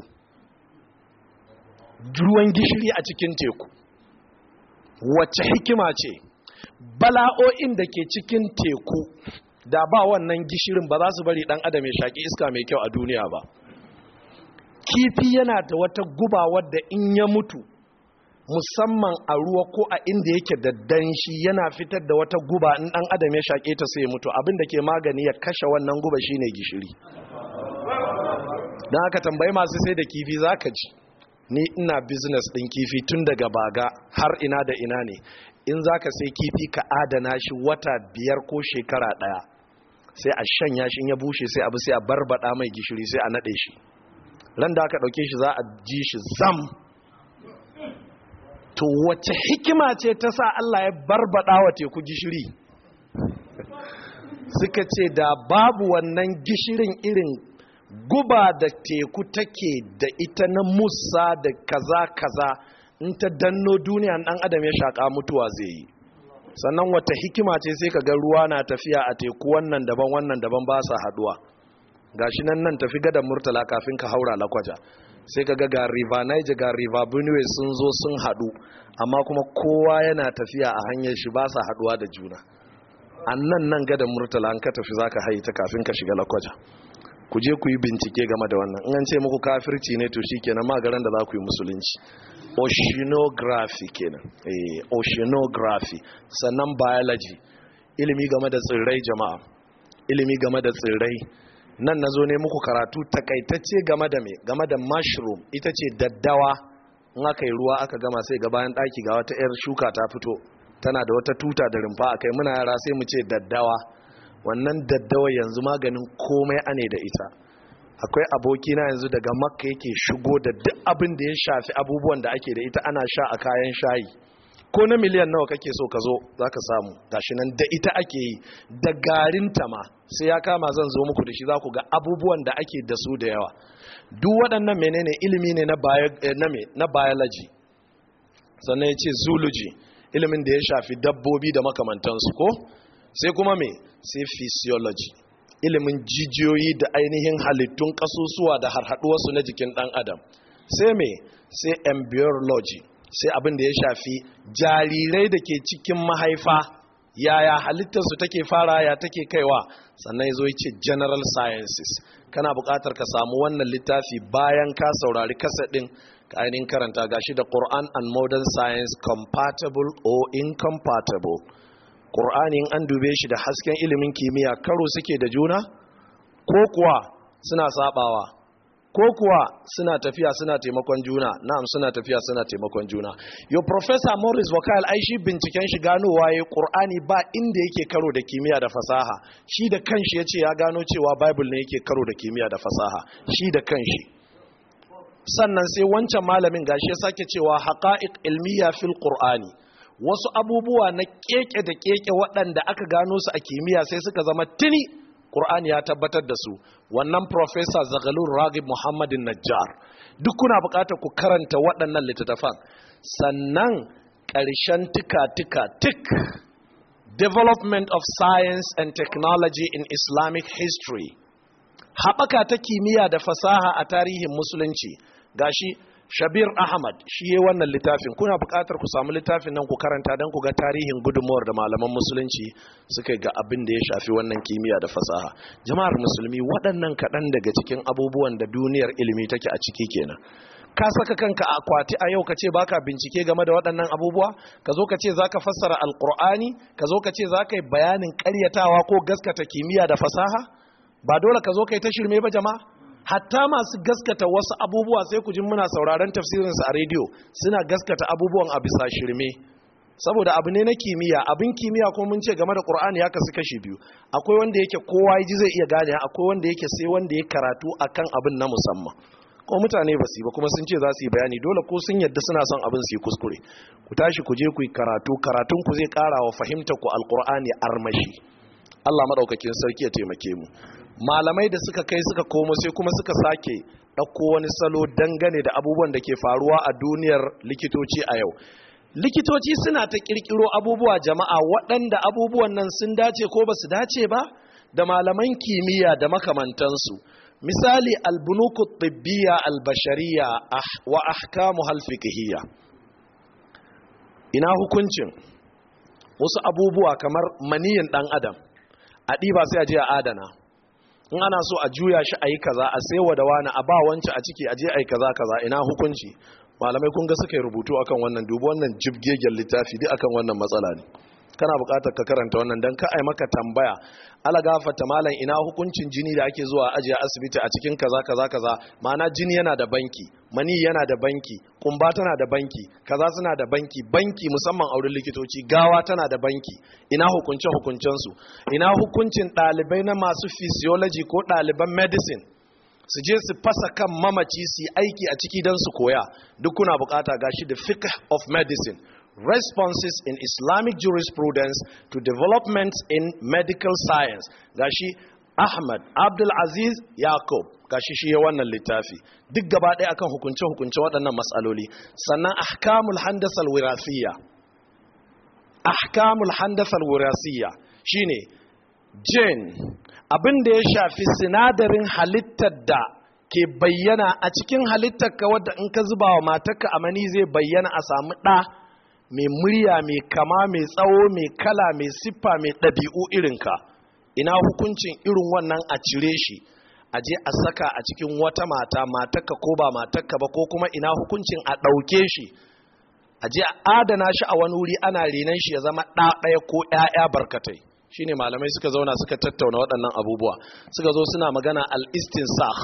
ruwan gishiri a cikin teku wace hikima ce bala'o'in da ke cikin teku da ba wannan gishirin ba za su bari dan adam ya shaki iska mai kyau a duniya ba kifi yana da wata guba wadda in ya mutu musamman a ruwa ko a inda yake da danshi yana fitar da wata guba in dan adam ya shake ta sai ya mutu abin da ke magani ya kashe wannan guba shine gishiri don haka tambayi masu sai da kifi za ka ji ni ina business ɗin kifi tun daga baga har ina da ina ne in za ka sai kifi ka adana shi wata biyar ko shekara ɗaya sai a shanya shi ya bushe sai abu sai a barbada mai gishiri sai a nade shi ran da aka dauke shi za a ji shi zam to wace hikima ce ta sa Allah ya barbada wa teku gishiri suka ce da babu wannan gishirin irin guba da teku take da ita na musa da kaza kaza in ta danno duniya dan adam ya shaka mutuwa zai yi sannan wata hikima ce sai kaga ruwa na tafiya a teku wannan daban wannan daban ba sa haduwa gashi nan nan tafi gadan murtala kafin ka haura lakwaja sai ka ga ga river niger ga river benue sun zo sun hadu amma kuma kowa yana tafiya a hanyar shi ba sa haduwa da juna a nan nan gadan murtala an ka tafi zaka ka haita kafin ka shiga lakwaja ku je ku yi bincike game da wannan in an ce muku kafirci ne to shikenan ma garan da za ku yi musulunci oceanography kenan eh oceanography sannan biology ilimi game da tsirrai jama'a ilimi game da tsirrai nan nazo ne muku karatu takaitacce game da me game da mushroom ita ce daddawa in aka yi ruwa aka gama sai ga bayan daki ga wata yar shuka ta fito tana da wata tuta da rumfa akai muna yara sai mu ce daddawa wannan daddawa yanzu maganin komai ane da ita akwai abokina yanzu daga makka yake shigo da duk abin da ya shafi abubuwan da ake da ita ana sha a kayan shayi ko na miliyan nawa kake so ka zo za ka samu gashi nan da ita ake yi da garinta ma sai ya kama zan zo muku da shi za ku ga abubuwan da ake da su da yawa duk waɗannan menene ilimi ne na eh, biology sannan ya ce zoology ilimin da ya shafi dabbobi da makamantansu ko sai kuma me sai physiology ilimin jijiyoyi da ainihin halittun kasusuwa da harhaduwarsu na jikin ɗan adam sai me sai embryology sai abin da ya shafi jarirai da ke cikin mahaifa yaya halittarsu take fara ya take kaiwa sannan ya zo ya ce general sciences kana buƙatar ka samu wannan littafi bayan ka saurari kasadin ka ainihin karanta gashi da quran and modern science compatible or incompatible ƙur'ani an dube shi da hasken ilimin kimiyya karo suke da juna ko kuwa suna sabawa ko kuwa suna tafiya suna taimakon juna na'am suna tafiya suna taimakon juna yau professor Morris wakil aishi binciken shi gano waye Qur'ani ba inda yake karo da kimiyya da fasaha shi da kanshi yace ya gano cewa Bible ne yake karo da kimiyya da fasaha shi da kanshi sannan sai wancan malamin gashi ya sake cewa haqa'iq ilmiya fil Qur'ani wasu abubuwa na keke da keke waɗanda aka gano su a kimiyya sai suka zama tuni ƙur'ani ya tabbatar da su wannan Profesa Zagalur Ragib Muhammadin Najjar duk kuna buƙatar ku karanta waɗannan littattafan sannan ƙarshen tuka-tuka tik development of science and technology in Islamic history haɓaka ta kimiyya da fasaha a tarihin musulunci gashi shabir ahmad shi ya wannan littafin kuna buƙatar ku samu littafin nan ku karanta don ku ga tarihin gudunmuwar da malaman musulunci suka ga abin da ya shafi wannan kimiyya da fasaha jama'ar musulmi waɗannan kaɗan daga cikin abubuwan da duniyar ilimi take a ciki kenan ka saka kanka a kwati a yau ka ce baka bincike game da waɗannan abubuwa ka zo ka ce za ka fassara alkur'ani ka zo ka ce za ka yi bayanin ƙaryatawa ko gaskata kimiyya da fasaha ba dole ka zo ka yi ta shirme ba jama'a hatta masu gaskata wasu abubuwa sai ku ji muna sauraron tafsirinsu a rediyo suna gaskata abubuwan a bisa shirme saboda abu ne na kimiyya abin kimiyya ko mun ce game da qur'ani ya kasu kashi biyu akwai wanda yake kowa ji zai iya gane akwai wanda yake sai wanda ya karatu akan abin na musamman ko mutane ba su ba kuma sun ce za su yi bayani dole ko sun yadda suna son abin su yi kuskure ku tashi ku je ku yi karatu karatun ku zai kara wa fahimta ku alqur'ani armashi Allah madaukakin sarki ya taimake mu malamai da suka kai suka komo sai kuma suka sake ɗauko wani salo dangane da abubuwan da ke faruwa a duniyar likitoci a yau likitoci suna ta ƙirƙiro abubuwa jama'a waɗanda abubuwan nan sun dace ko ba su dace ba da malaman kimiyya da makamantansu misali albunukut tibbiya albashariya ah, wa ahkamu halfikihiyya ina hukuncin wasu abubuwa kamar maniyin ɗan adam a ɗiba sai a je a adana in ana so a juya shi a yi kaza a saiwa da wani a ba wanci a ciki a je a yi kaza kaza ina hukunci malamai kun ga suka yi rubutu akan wannan dubu wannan jibgegen littafi duk akan wannan matsala ne kana buƙatar ka karanta wannan dan ka ai maka tambaya ala gafarta malam ina hukuncin jini da ake zuwa ajiye asibiti a cikin kaza kaza kaza ma'ana jini yana da banki mani yana da banki kumba tana da banki kaza suna da banki banki musamman auren likitoci gawa tana da banki ina hukunce hukuncensu ina hukuncin ɗalibai na masu physiology ko ɗaliban medicine su je su fasa kan mamaci su yi aiki a ciki don su koya duk kuna bukata gashi the fiqh of medicine responses in islamic jurisprudence to developments in medical science gashi ahmad abdulaziz yakub gashi shi ya wannan littafi duk gaba ɗaya akan hukunce-hukunce waɗannan matsaloli sannan ahkamul handasal wirasiyya ahkamul handasal wirasiyya shine jane abin da ya shafi sinadarin halittar da ke bayyana a cikin halittar ka wadda in ka zuba wa matarka amani zai bayyana a samu ɗa mai murya mai kama mai tsawo mai kala mai siffa mai ɗabi'u irinka ina hukuncin irin wannan a cire shi a je a saka a cikin wata mata matakka ko ba matakka ba ko kuma ina hukuncin a ɗauke shi a je a adana shi a wani wuri ana renon shi ya zama ɗaɗaya ko ‘ya'ya barkatai Shi ne malamai suka zauna suka tattauna waɗannan abubuwa suka zo suna magana al-istinsakh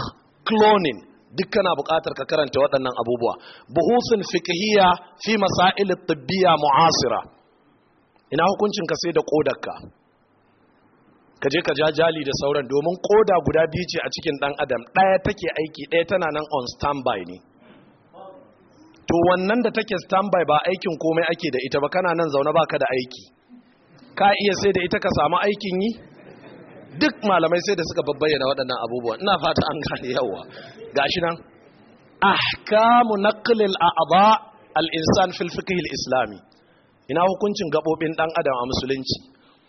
cloning duk kana buƙatar ka karanta waɗannan abubuwa buhusun fikihiyya fi masail tibbiya mu'asira ina hukuncin ka sai da kodarka ka je ka jajali da sauran domin koda guda biyu ce a cikin dan adam ɗaya take aiki ɗaya tana nan on standby ne to wannan da take standby ba aikin komai ake da ita ba kana nan zaune baka da aiki ka iya sai da ita ka samu aikin yi duk malamai sai da suka babbayyana waɗannan abubuwa ina fata an gane yawa gashi nan ahkamu naqlil a'dha al-insan fil fiqh al-islami ina hukuncin gabobin dan adam a musulunci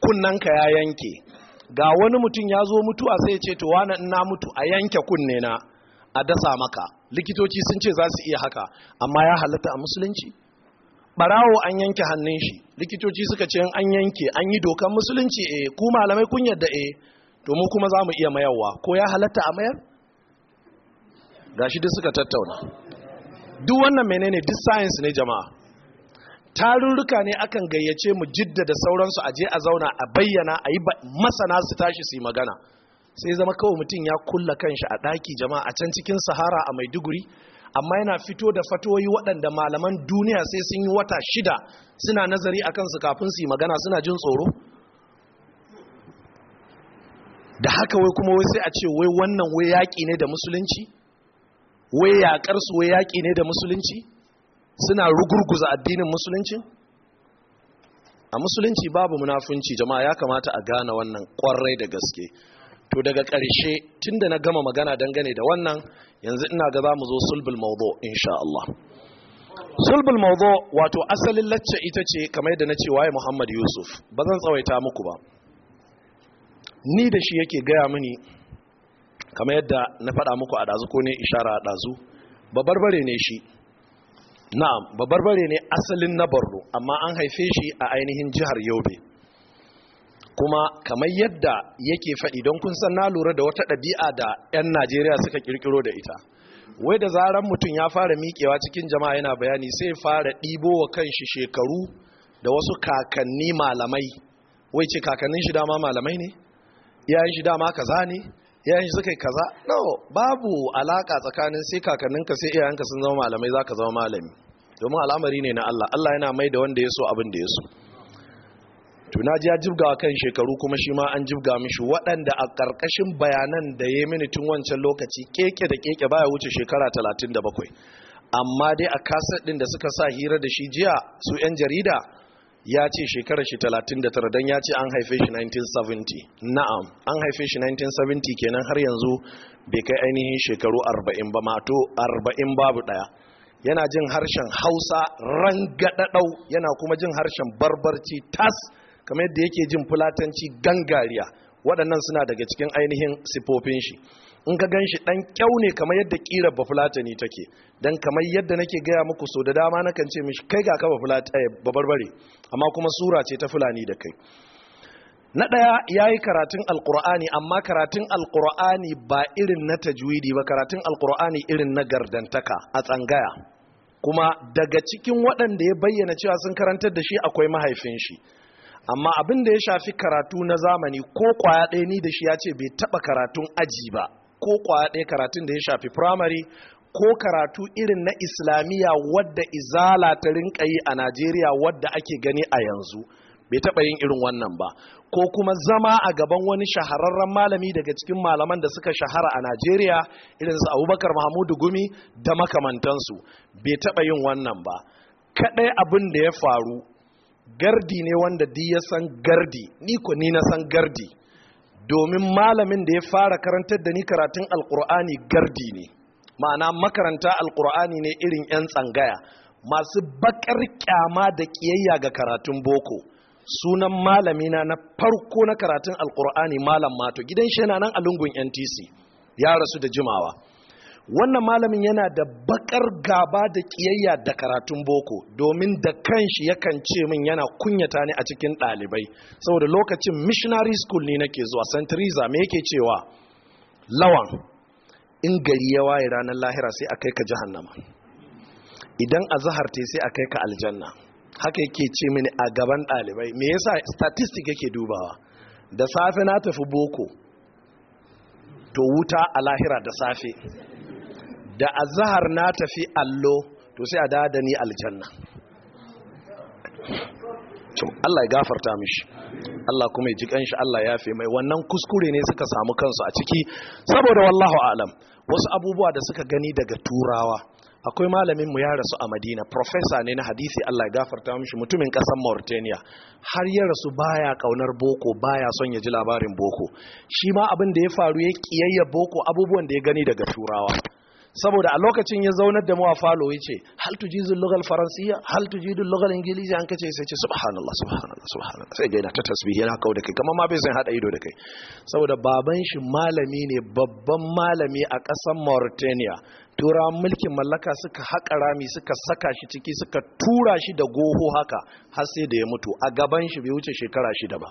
Kunnan ka ya yanke ga wani mutum ya zo mutuwa sai ce to wani ina mutu a yanke kunne na a dasa maka likitoci sun ce za su iya haka amma ya halatta a musulunci barawo an yanke hannun shi likitoci suka ce an yanke an yi dokan musulunci eh ku malamai kun yadda eh to mu kuma za mu iya mayarwa ko ya halatta a mayar gashi duk suka tattauna duk wannan menene duk science ne jama'a tarurruka ne akan gayyace mu jidda da sauransu a je a zauna a bayyana a yi masana su tashi su yi magana sai zama kawai mutum ya kulla kanshi a ɗaki jama'a a can cikin sahara a maiduguri amma yana fito da fatoyi waɗanda malaman duniya sai sun yi wata shida suna nazari a kansu kafin su yi magana suna jin tsoro da haka wai kuma wai sai a ce wai wannan wai yaƙi ne da musulunci wai yaƙar su wai yaƙi ne da musulunci suna rugurguza addinin musulunci a musulunci babu munafunci jama'a ya kamata a gane wannan kwarai da gaske to daga ƙarshe tunda na gama magana dangane da wannan yanzu ina ga za mu zo sulbul mawdu insha Allah sulbul mawdu wato asalin lacce ita ce kamar yadda na ce waye Muhammad Yusuf ba zan tsawaita muku ba ni da shi yake gaya mini kamar yadda na faɗa muku a ɗazu ko ne ishara a ɗazu barbare ne shi na'am babarbare ne asalin na borno amma an haife shi a ainihin jihar yobe kuma kamar yadda yake faɗi don kun san na lura da wata ɗabi'a da 'yan najeriya suka kirkiro da ita wai da zaran mutum ya fara miƙewa cikin jama'a yana bayani sai fara ɗibo wa kanshi shekaru da wasu kakanni malamai wai ce kakannin shi dama malamai ne iyayen shi dama kaza ne yayin shi suka yi kaza no babu alaka tsakanin sai kakanninka sai iyayenka sun zama malamai zaka zama malami domin al'amari ne na Allah Allah yana mai da wanda ya so abin da ya so tuna ji ya jibga kan shekaru kuma shi ma an jibga mishi waɗanda a ƙarƙashin bayanan da ya mini tun wancan lokaci keke da keke baya wuce shekara 37 amma dai a kaset ɗin da suka sa hira da shi jiya su 'yan jarida ya ce shekarar shi 39 don ya ce an haife shi 1970 na'am an haife shi 1970 kenan har yanzu bai kai ainihin shekaru 40 ba mato 40 babu daya yana jin harshen hausa rangadadau yana kuma jin harshen barbarci tas kamar yadda yake jin fulatanci gangariya waɗannan suna daga cikin ainihin sifofin shi in ka gan shi ɗan kyau ne kamar yadda ƙirar ne take don kamar yadda nake gaya muku so da dama na kan ce mishi kai ga ka eh, babarbare amma kuma sura ce ta fulani da kai na ɗaya ya yi karatun alƙur'ani amma karatun alƙur'ani ba irin na tajwidi ba karatun alƙur'ani irin na gardantaka a tsangaya kuma daga cikin waɗanda ya bayyana cewa sun karantar da shi akwai mahaifin shi amma abin da ya shafi karatu na zamani ko kwaya ɗaya ni da shi ya ce bai taɓa karatun aji ba ko kwaya ɗaya karatun da ya shafi firamare ko karatu irin na islamiyya wadda izala ta rinka yi a najeriya wadda ake gani a yanzu bai taɓa yin irin wannan ba ko kuma zama a gaban wani shahararren malami daga cikin malaman da suka shahara a najeriya irin su abubakar mahmudu gumi da makamantansu bai taɓa yin wannan ba kaɗai abin da ya faru gardi ne wanda di ya san gardi ni ko ni na san gardi domin malamin da ya fara karantar da ni karatun alkur'ani gardi ne ma'ana makaranta alkur'ani ne irin 'yan tsangaya masu bakar kyama da kiyayya ga karatun boko sunan malamina na farko na karatun alkur'ani malam mato gidan shi yana nan a lungun ntc ya rasu da jimawa wannan malamin yana da bakar gaba da kiyayya da karatun boko domin da kanshi yakan ce min yana kunyata ni a cikin ɗalibai saboda lokacin missionary school ne nake zuwa st teresa me yake cewa lawan in gari ya waye ranar lahira sai a kai ka jahannama idan a zahar te sai a kai ka aljanna haka yake ce mini a gaban ɗalibai me yasa statistic yake dubawa da safe na tafi boko to wuta a lahira da safe da azahar na tafi allo to sai a da ni aljanna Allah ya gafarta mishi Allah kuma ya ji kanshi Allah ya fi mai wannan kuskure ne suka samu kansu a ciki saboda wallahu alam wasu abubuwa da suka gani daga turawa akwai malamin mu ya rasu a Madina professor ne na hadisi Allah ya gafarta mishi mutumin kasar Mauritania har ya rasu baya kaunar boko baya son ya ji labarin boko shi ma abin da ya faru ya kiyayya boko abubuwan da ya gani daga turawa saboda a lokacin ya zaunar da mu falo ya ce hal jizu lugal faransiya hal jizu lugal ingilizi an kace sai ce subhanallah subhanallah subhanallah sai ga yana ta tasbihi yana kawo da kai kamar ma bai san hada ido da kai saboda baban shi malami ne babban malami a ƙasar Mauritania tura mulkin mallaka suka haƙa rami suka saka shi ciki suka tura shi da goho haka har sai da ya mutu a gaban shi bai wuce shekara shida ba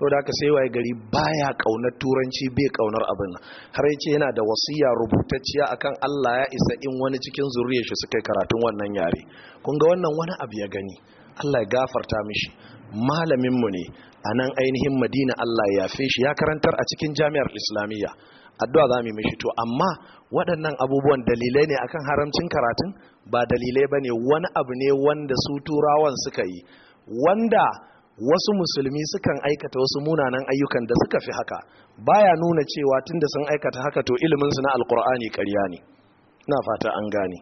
da aka sai waye gari baya kaunar turanci bai kaunar abin har yace yana da wasiya rubutacciya akan Allah ya isa in wani cikin zuriyar shi suka karatun wannan yare kun ga wannan wani abu ya gani Allah ya gafarta mishi malamin mu ne anan ainihin Madina Allah ya yafe shi ya karantar a cikin Jami'ar Islamiyya addu'a za mu mishi to amma waɗannan abubuwan dalilai ne akan haramcin karatun ba dalilai bane wani abu ne wanda su turawan suka yi wanda wasu musulmi sukan aikata wasu munanan ayyukan da suka fi haka baya nuna cewa tunda sun aikata haka to ilimin su na alkur'ani ƙarya ne na fata an gane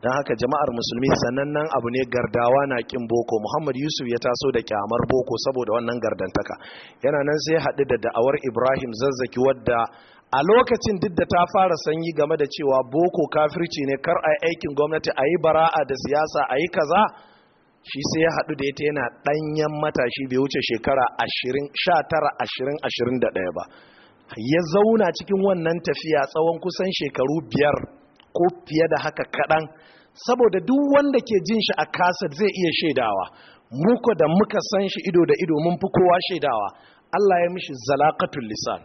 don haka jama'ar musulmi sanannen abu ne gardawa na kin boko muhammad yusuf ya taso da kyamar boko saboda wannan gardantaka yana nan sai haɗu da da'awar ibrahim zazzaki wadda a lokacin duk da ta fara sanyi game da cewa boko kafirci ne kar a aikin gwamnati a yi bara'a da siyasa a yi kaza shi sai ya haɗu da ita yana ɗanyen matashi bai wuce shekara sha tara ashirin ashirin da ɗaya ba ya zauna cikin wannan tafiya tsawon kusan shekaru biyar ko fiye da haka kaɗan saboda duk wanda ke jin shi a kasar zai iya shaidawa muka da muka san shi ido da ido mun fi kowa shaidawa Allah ya mishi zalakatun lisan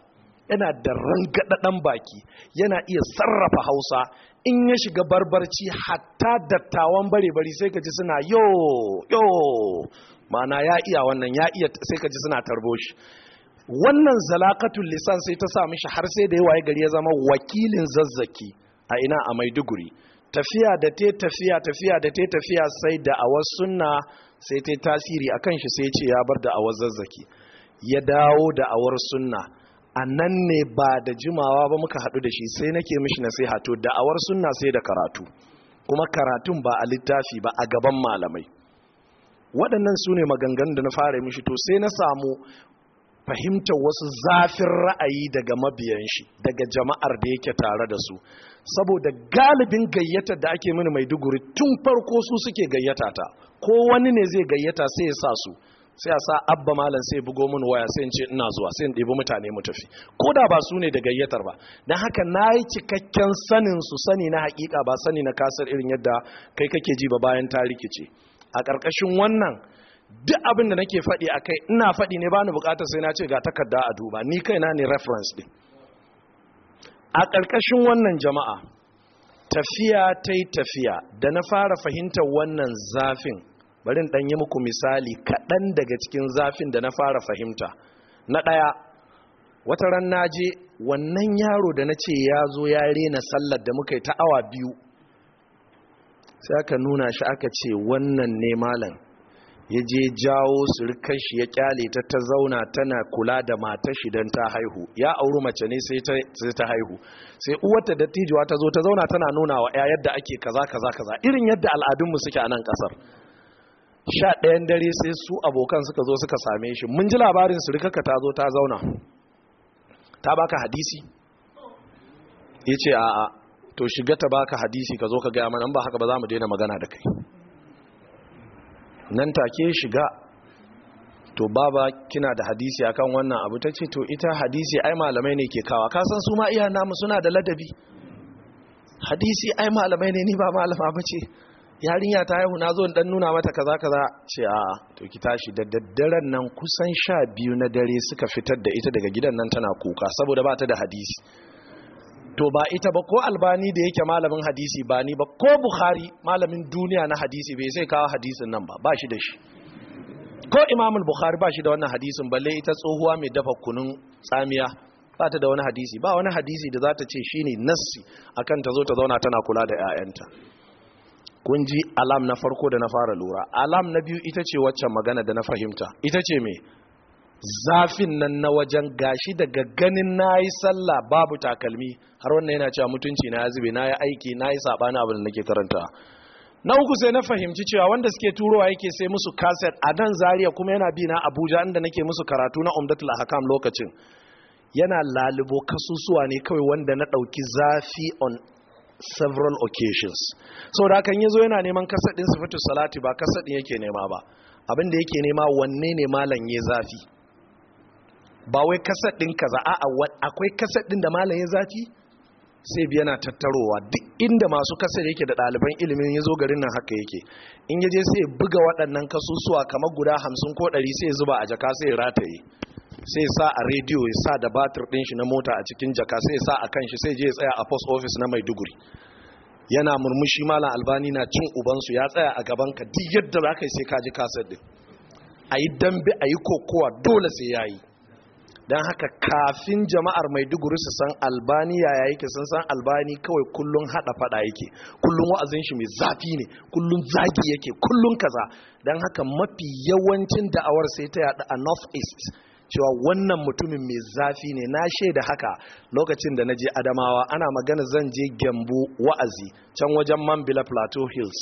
yana da rangaɗaɗan baki yana iya sarrafa Hausa in ya shiga barbarci hatta dattawan bare-bari sai ka ji suna yo yo mana ya iya wannan ya iya sai ka ji suna tarbo shi wannan zalakatul lisan sai ta sa mishi har sai da yawa ya gari ya zama wakilin zazzaki a ina a maiduguri tafiya da te tafiya tafiya da te tafiya sai da awar sunna sai ta tasiri akan shi sai ce ya bar da awar zazzaki ya dawo da awar sunna a nan ne ba da jimawa ba muka haɗu da shi sai nake mishi na nasiha to da'awar sunna sai da karatu kuma karatun ba a littafi ba a gaban malamai waɗannan su ne maganganun da na fara mishi to sai na samu fahimtar wasu zafin ra'ayi daga mabiyan shi daga jama'ar da yake tare da su saboda galibin gayyata da ake mini maiduguri tun farko su suke gayyata ta ko wani ne zai gayyata sai ya sa su sai a sa abba malam sai bugo mun waya sai in ce ina zuwa sai in ɗebi mutane mu tafi ko da ba su ne da gayyatar ba don haka na yi cikakken sanin su sani na hakika ba sani na kasar irin yadda kai kake ji ba bayan ta rikice a ƙarƙashin wannan duk abin da nake faɗi a kai ina faɗi ne ba ni buƙatar sai na ce ga takarda a duba ni kaina ne reference din. a ƙarƙashin wannan jama'a tafiya ta yi tafiya da na fara fahimtar wannan zafin Barin dan yi muku misali kaɗan daga cikin zafin da na fara fahimta na ɗaya wata ran na je wannan yaro da na ce ya zo ya rena sallar da muka yi ta awa biyu sai aka nuna shi aka ce wannan ne malam ya je jawo surkar shi ya kyale ta ta zauna tana kula da matar shi don ta haihu ya auri mace ne sai ta haihu sai uwarta tijuwa ta zo ta zauna tana nuna wa 'ya yadda ake kaza kaza kaza irin yadda al'adunmu suke a nan kasar sha ɗayan dare sai su abokan suka zo suka same shi mun ji labarin surikaka ta zo ta zauna ta baka hadisi ya ce a'a to shiga ta baka hadisi ka zo ka gaya mana ba haka ba za mu daina magana da kai nan take shiga to baba kina da hadisi akan wannan abu ta ce to ita hadisi ai malamai ne ke kawa kasan su ma iya namu suna da ladabi hadisi ai malamai ne ni ba malama ba ce yarinya ta haihu na zo dan nuna mata kaza kaza ce a to ki tashi da daddaren nan kusan sha biyu na dare suka fitar da ita daga gidan nan tana kuka saboda ba ta da hadisi to ba ita ba ko albani da yake malamin hadisi ba ni ba ko bukhari malamin duniya na hadisi bai sai kawo hadisin nan ba ba shi da shi ko imamul bukhari ba shi da wannan hadisin balle ita tsohuwa mai dafa kunun tsamiya ba ta da wani hadisi ba wani hadisi da za ta ce shine nassi akan ta zo ta zauna tana kula da 'ya'yanta kun ji alam na farko da na fara lura alam na biyu ita ce waccan magana da na fahimta ita ce me zafin nan na wajen gashi daga ganin na yi sallah babu takalmi har wannan yana cewa mutunci na ya zube na yi aiki na yi na abin da nake karanta na uku sai na fahimci cewa wanda suke turowa yake sai musu kaset a nan zaria kuma yana bi na abuja inda nake musu karatu na umdatul hakam lokacin yana lalubo kasusuwa ne kawai wanda na ɗauki zafi on several occasions da hakan yazo yana neman kasadin sifatu salati ba kasadin yake nema ba abin da yake nema wanne ne malam ya zafi ba wai kasadin kaza a'a akwai kasadin da malam ya zafi sai biya na tattarowa duk inda masu kasar yake da ɗaliban ilimin ya zo garin nan haka yake in ya je sai buga waɗannan kasusuwa kamar guda hamsin ko ɗari sai zuba a jaka sai rataye sai sa a rediyo ya sa da batir ɗin shi na mota a cikin jaka sai sa a kan shi sai je ya tsaya a post office na maiduguri yana murmushi malam albani na cin ubansu ya tsaya a gaban ka duk yadda za ka yi sai ka ji kasar ɗin a yi dambe a yi kokowa dole sai ya yi don haka kafin jama'ar maiduguri su san albani yaya yake sun san albani kawai kullum haɗa faɗa yake kullum wa'azin shi mai zafi ne kullum zagi yake kullum kaza don haka mafi yawancin da'awar sai ta yada a north east cewa wannan mutumin mai zafi ne na shaida haka lokacin da na je adamawa ana magana zan je gyambu wa'azi can wajen bila plateau hills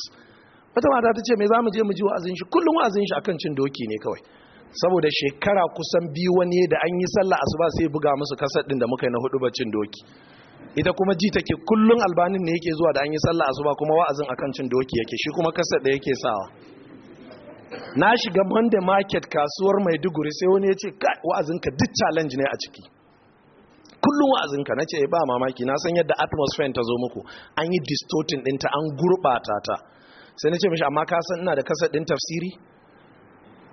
wata mata ta ce mai za mu je mu ji wa'azin shi kullum wa'azin shi akan cin doki ne kawai saboda shekara kusan biyu wani da an yi sallah asuba sai buga musu kasar din da muka yi na hudu bacin doki ita kuma ji take kullum albanin ne yake zuwa da an yi sallah asuba kuma wa'azin akan cin doki yake shi kuma kasar da yake sawa na shiga monday market kasuwar maiduguri sai wani ya ce wa'azinka duk challenge ne a ciki kullum wa'azinka na ce eh, ba mamaki na san yadda atmosphere ta zo muku an yi distorting ɗinta an gurɓata ta sai na ce mishi amma kasan ina da kasar ɗin tafsiri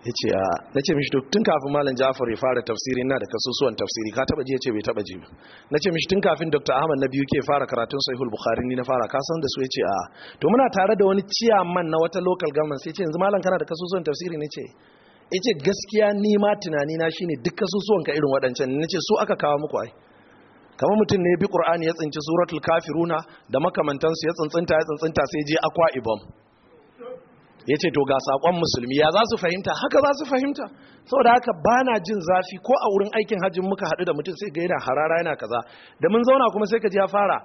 ya ce a na ce mishi tun kafin malam jafar ya fara tafsiri na da kasusuwan tafsiri ka taba ji ya ce bai taba ji ba na ce mishi tun kafin dr ahmad na biyu ke fara karatun sahihul bukhari ni na fara kasan da su ya ce a to muna tare da wani ciyaman na wata local government sai ce yanzu malam kana da kasusuwan tafsiri ne ce ya ce gaskiya ni ma tunani na shine duk kasusuwan ka irin waɗancan Na ce su aka kawo muku ai kamar mutum ne ya bi qur'ani ya tsinci suratul kafiruna da makamantansu ya tsintsinta ya tsintsinta sai je akwa ibom ya ce to ga sakon musulmi ya za su fahimta haka za su fahimta saboda haka ba na jin zafi ko a wurin aikin hajjin muka haɗu da mutum sai ga yana harara yana kaza da mun zauna kuma sai ka ji ya fara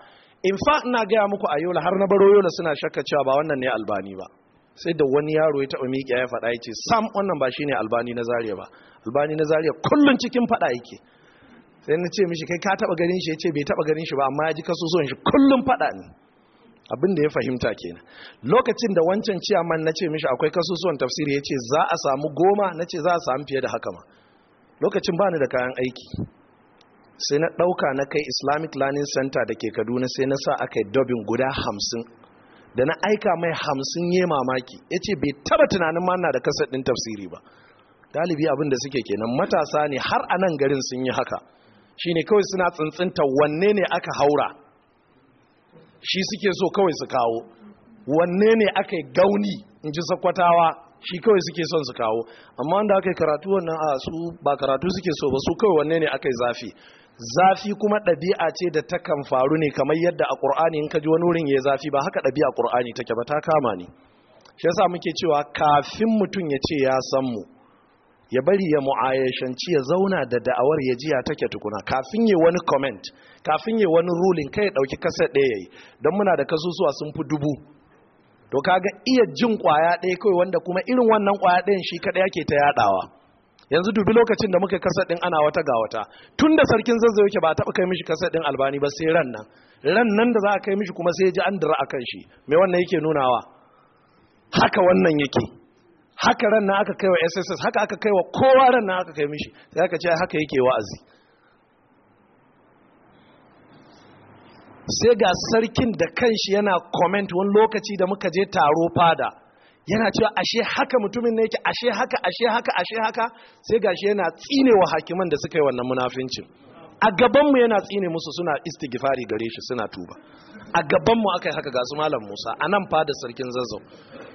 in fa ina gaya muku a yola har na baro yola suna shakka cewa ba wannan ne albani ba sai da wani yaro ya taɓa miƙe ya faɗa ya ce sam wannan ba shine albani na zariya ba albani na zariya kullum cikin faɗa yake sai na ce mishi kai ka taɓa ganin shi ya ce bai taɓa ganin shi ba amma ya ji kasusuwan shi kullum faɗa ne abin da ya fahimta kenan lokacin da wancan ciyaman na ce mishi akwai kasusuwan tafsiri ya ce za a samu goma na ce za a samu fiye da haka ma lokacin bani da kayan aiki sai na ɗauka na kai islamic learning center da ke kaduna sai na sa aka yi dobin guda hamsin da na aika mai hamsin ya mamaki ya ce bai taba tunanin ma na da kasar ɗin tafsiri ba galibi abin da suke kenan matasa ne har a nan garin sun yi haka shine kawai suna tsintsinta wanne ne aka haura shi suke so kawai su kawo wanne ne aka yi gauni in ji sakwatawa shi kawai suke son su kawo amma wanda aka yi karatu wannan a su ba karatu suke so ba su kawai wanne ne aka yi zafi zafi kuma ɗabi'a ce da ta kan faru ne kamar yadda a ƙur'ani in ka ji wani wurin ya yi zafi ba haka ɗabi'a ƙur'ani take ba ta kama ne shi yasa muke cewa kafin mutum ya ce ya san mu ya bari ya mu'ayyashanci ya zauna da da'awar ya jiya take tukuna kafin ya wani comment kafin ya wani ruling kai ya dauki kasa ɗaya yayi don muna da kasusuwa sun fi dubu to kaga iya jin kwaya ɗaya kawai wanda kuma irin wannan kwaya ɗayan shi kaɗai yake ta yaɗawa yanzu dubi lokacin da muka kasa ɗin ana wata ga wata tun da sarkin zazzau yake ba a taɓa kai mishi kasa ɗin albani ba sai ran nan ran nan da za a kai mishi kuma sai ya ji an dira akan shi me wannan yake nunawa haka wannan yake haka ran na aka kai wa sss haka aka kai kowa ran na aka kai mishi sai aka ce haka yake wa'azi sai ga sarkin da kanshi yana comment wani lokaci da muka je taro fada yana cewa ashe haka mutumin ne yake ashe haka ashe haka ashe haka sai gashi yana tsinewa hakiman da suka yi wannan munafincin a gabanmu yana tsine musu suna istigifari gare shi suna tuba a gabanmu aka yi haka ga su malam musa a nan fada sarkin zazzau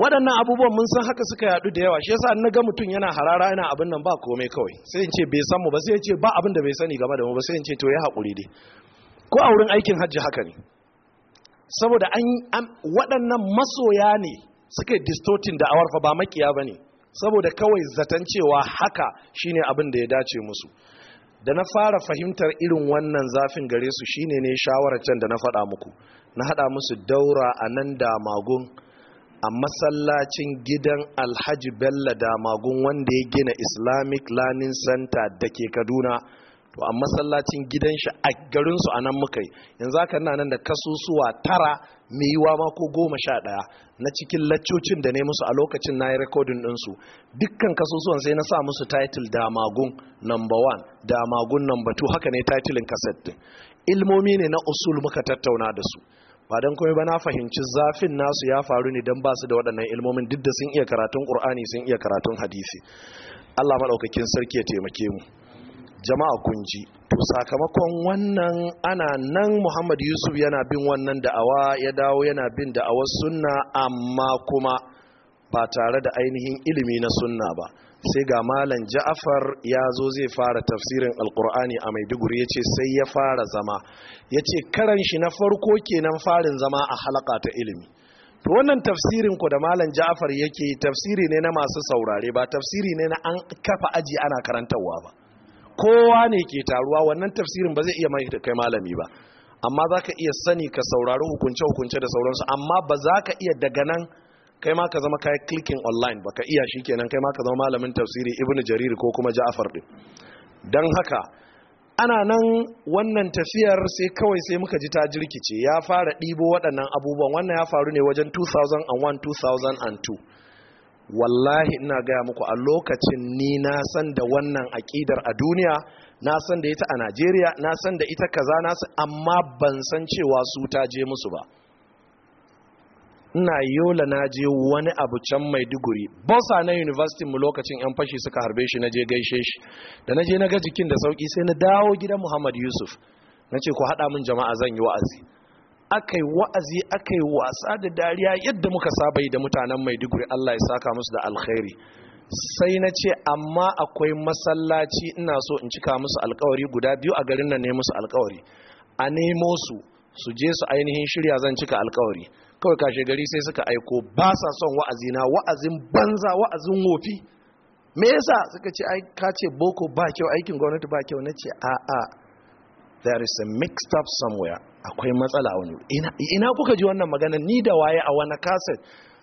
waɗannan abubuwan mun san haka suka yaɗu da yawa shi yasa na ga mutum yana harara yana abin nan ba komai kawai sai in ce bai san mu ba sai in ce ba abin da bai sani game da mu ba sai in ce to ya haƙuri dai ko a wurin aikin hajji haka ne saboda an waɗannan masoya ne suka distortin da awarfa ba makiya ba ne saboda kawai zaton cewa haka shine abin da ya dace musu da na fara fahimtar irin wannan zafin gare su shine ne shawarar can da na faɗa muku na haɗa musu daura a nan da magun a masallacin gidan alhaji bello damagun wanda ya gina islamic learning center da ke kaduna to a masallacin gidan shi a garinsu a nan muka yi yanzu haka na nan da kasusuwa tara mai yiwa ma ko goma sha ɗaya na cikin laccocin da ne musu a lokacin na yi rekodin ɗinsu dukkan kasusuwan sai na sa musu title damagun number one damagun number two haka ne titulin kaset din. ilmomi ne na usul muka tattauna da su ba don komai ba na fahimci zafin nasu ya faru ne don ba su da waɗannan ilmomin duk da sun iya karatun ƙur'ani sun iya karatun hadisi allah maɗaukakin sarki ya taimake mu jama'a kun ji to sakamakon wannan ana nan muhammad yusuf yana bin wannan da'awa ya dawo yana bin da'awar sunna amma kuma ba tare da ainihin ilimi na sunna ba sai ga malam ja'afar ya zo zai fara tafsirin alkur'ani a maiduguri ya ce sai ya fara zama ya ce karan shi na farko kenan farin zama a halaka ta ilimi to wannan tafsirin ku da malam ja'afar yake tafsiri ne na masu saurare ba tafsiri ne na an kafa aji ana karantarwa ba kowa ne ke taruwa wannan tafsirin ba zai iya mai kai malami ba amma za ka iya sani ka saurari hukunce-hukunce da sauransu amma ba za ka iya daga nan kai ma ka zama kayan clicking online baka iya shi kenan kai ma ka zama malamin tafsiri ibnu jarir ko kuma ja'far din dan haka ana nan wannan tafiyar sai kawai sai muka ji ta jirkice ya fara ɗibo waɗannan abubuwan wannan ya faru ne wajen 2001 2002 wallahi ina gaya muku a lokacin ni na san da wannan akidar a duniya na san da ita a najeriya na san da ita kaza na amma ban san cewa su ta je musu ba ina yola na je wani abu can mai maiduguri bosa na university mu lokacin yan fashi suka harbe shi na je gaishe shi da na je na ga jikin da sauki sai na dawo gidan muhammad yusuf na ce ku haɗa min jama'a zan yi wa'azi aka yi wa'azi aka yi wasa da dariya yadda muka saba yi da mutanen mai maiduguri allah ya saka musu da alkhairi sai na ce amma akwai masallaci ina so in cika musu alkawari guda biyu a garin nan ne musu alkawari a nemo su su je su ainihin shirya zan cika alkawari kawai kashe gari sai suka aiko ba sa son wa'azi na wa'azin banza wa'azin wofi me yasa suka ce ai ka ce boko ba kyau aikin gwamnati ba kyau nace a a there is a mixed up somewhere akwai matsala wani ina kuka ji wannan magana ni da waye a wani kaset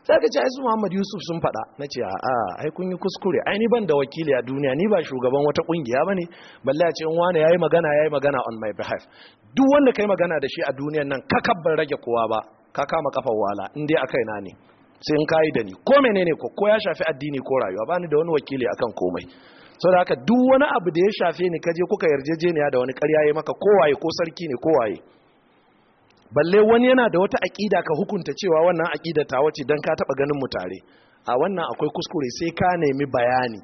sai ka ce ai su Muhammad Yusuf sun faɗa nace a a ai kun yi kuskure ai ni ban da wakili a duniya ni ba shugaban wata kungiya bane balle a ce in wani yayi magana yayi magana on my behalf duk wanda kai magana da shi a duniyan nan kakabban rage kowa ba ka kama kafar wala in dai akai na ne sai in kayi da ni ko menene ko ko ya shafi addini ko rayuwa bani da wani wakili akan komai so da haka duk wani abu da ya shafe ni kaje kuka yarjejeniya da wani ƙarya ya maka kowaye ko sarki ne kowaye balle wani yana da wata aƙida ka hukunta cewa wannan aƙida ta wace dan ka taɓa ganin mu tare a wannan akwai kuskure sai ka nemi bayani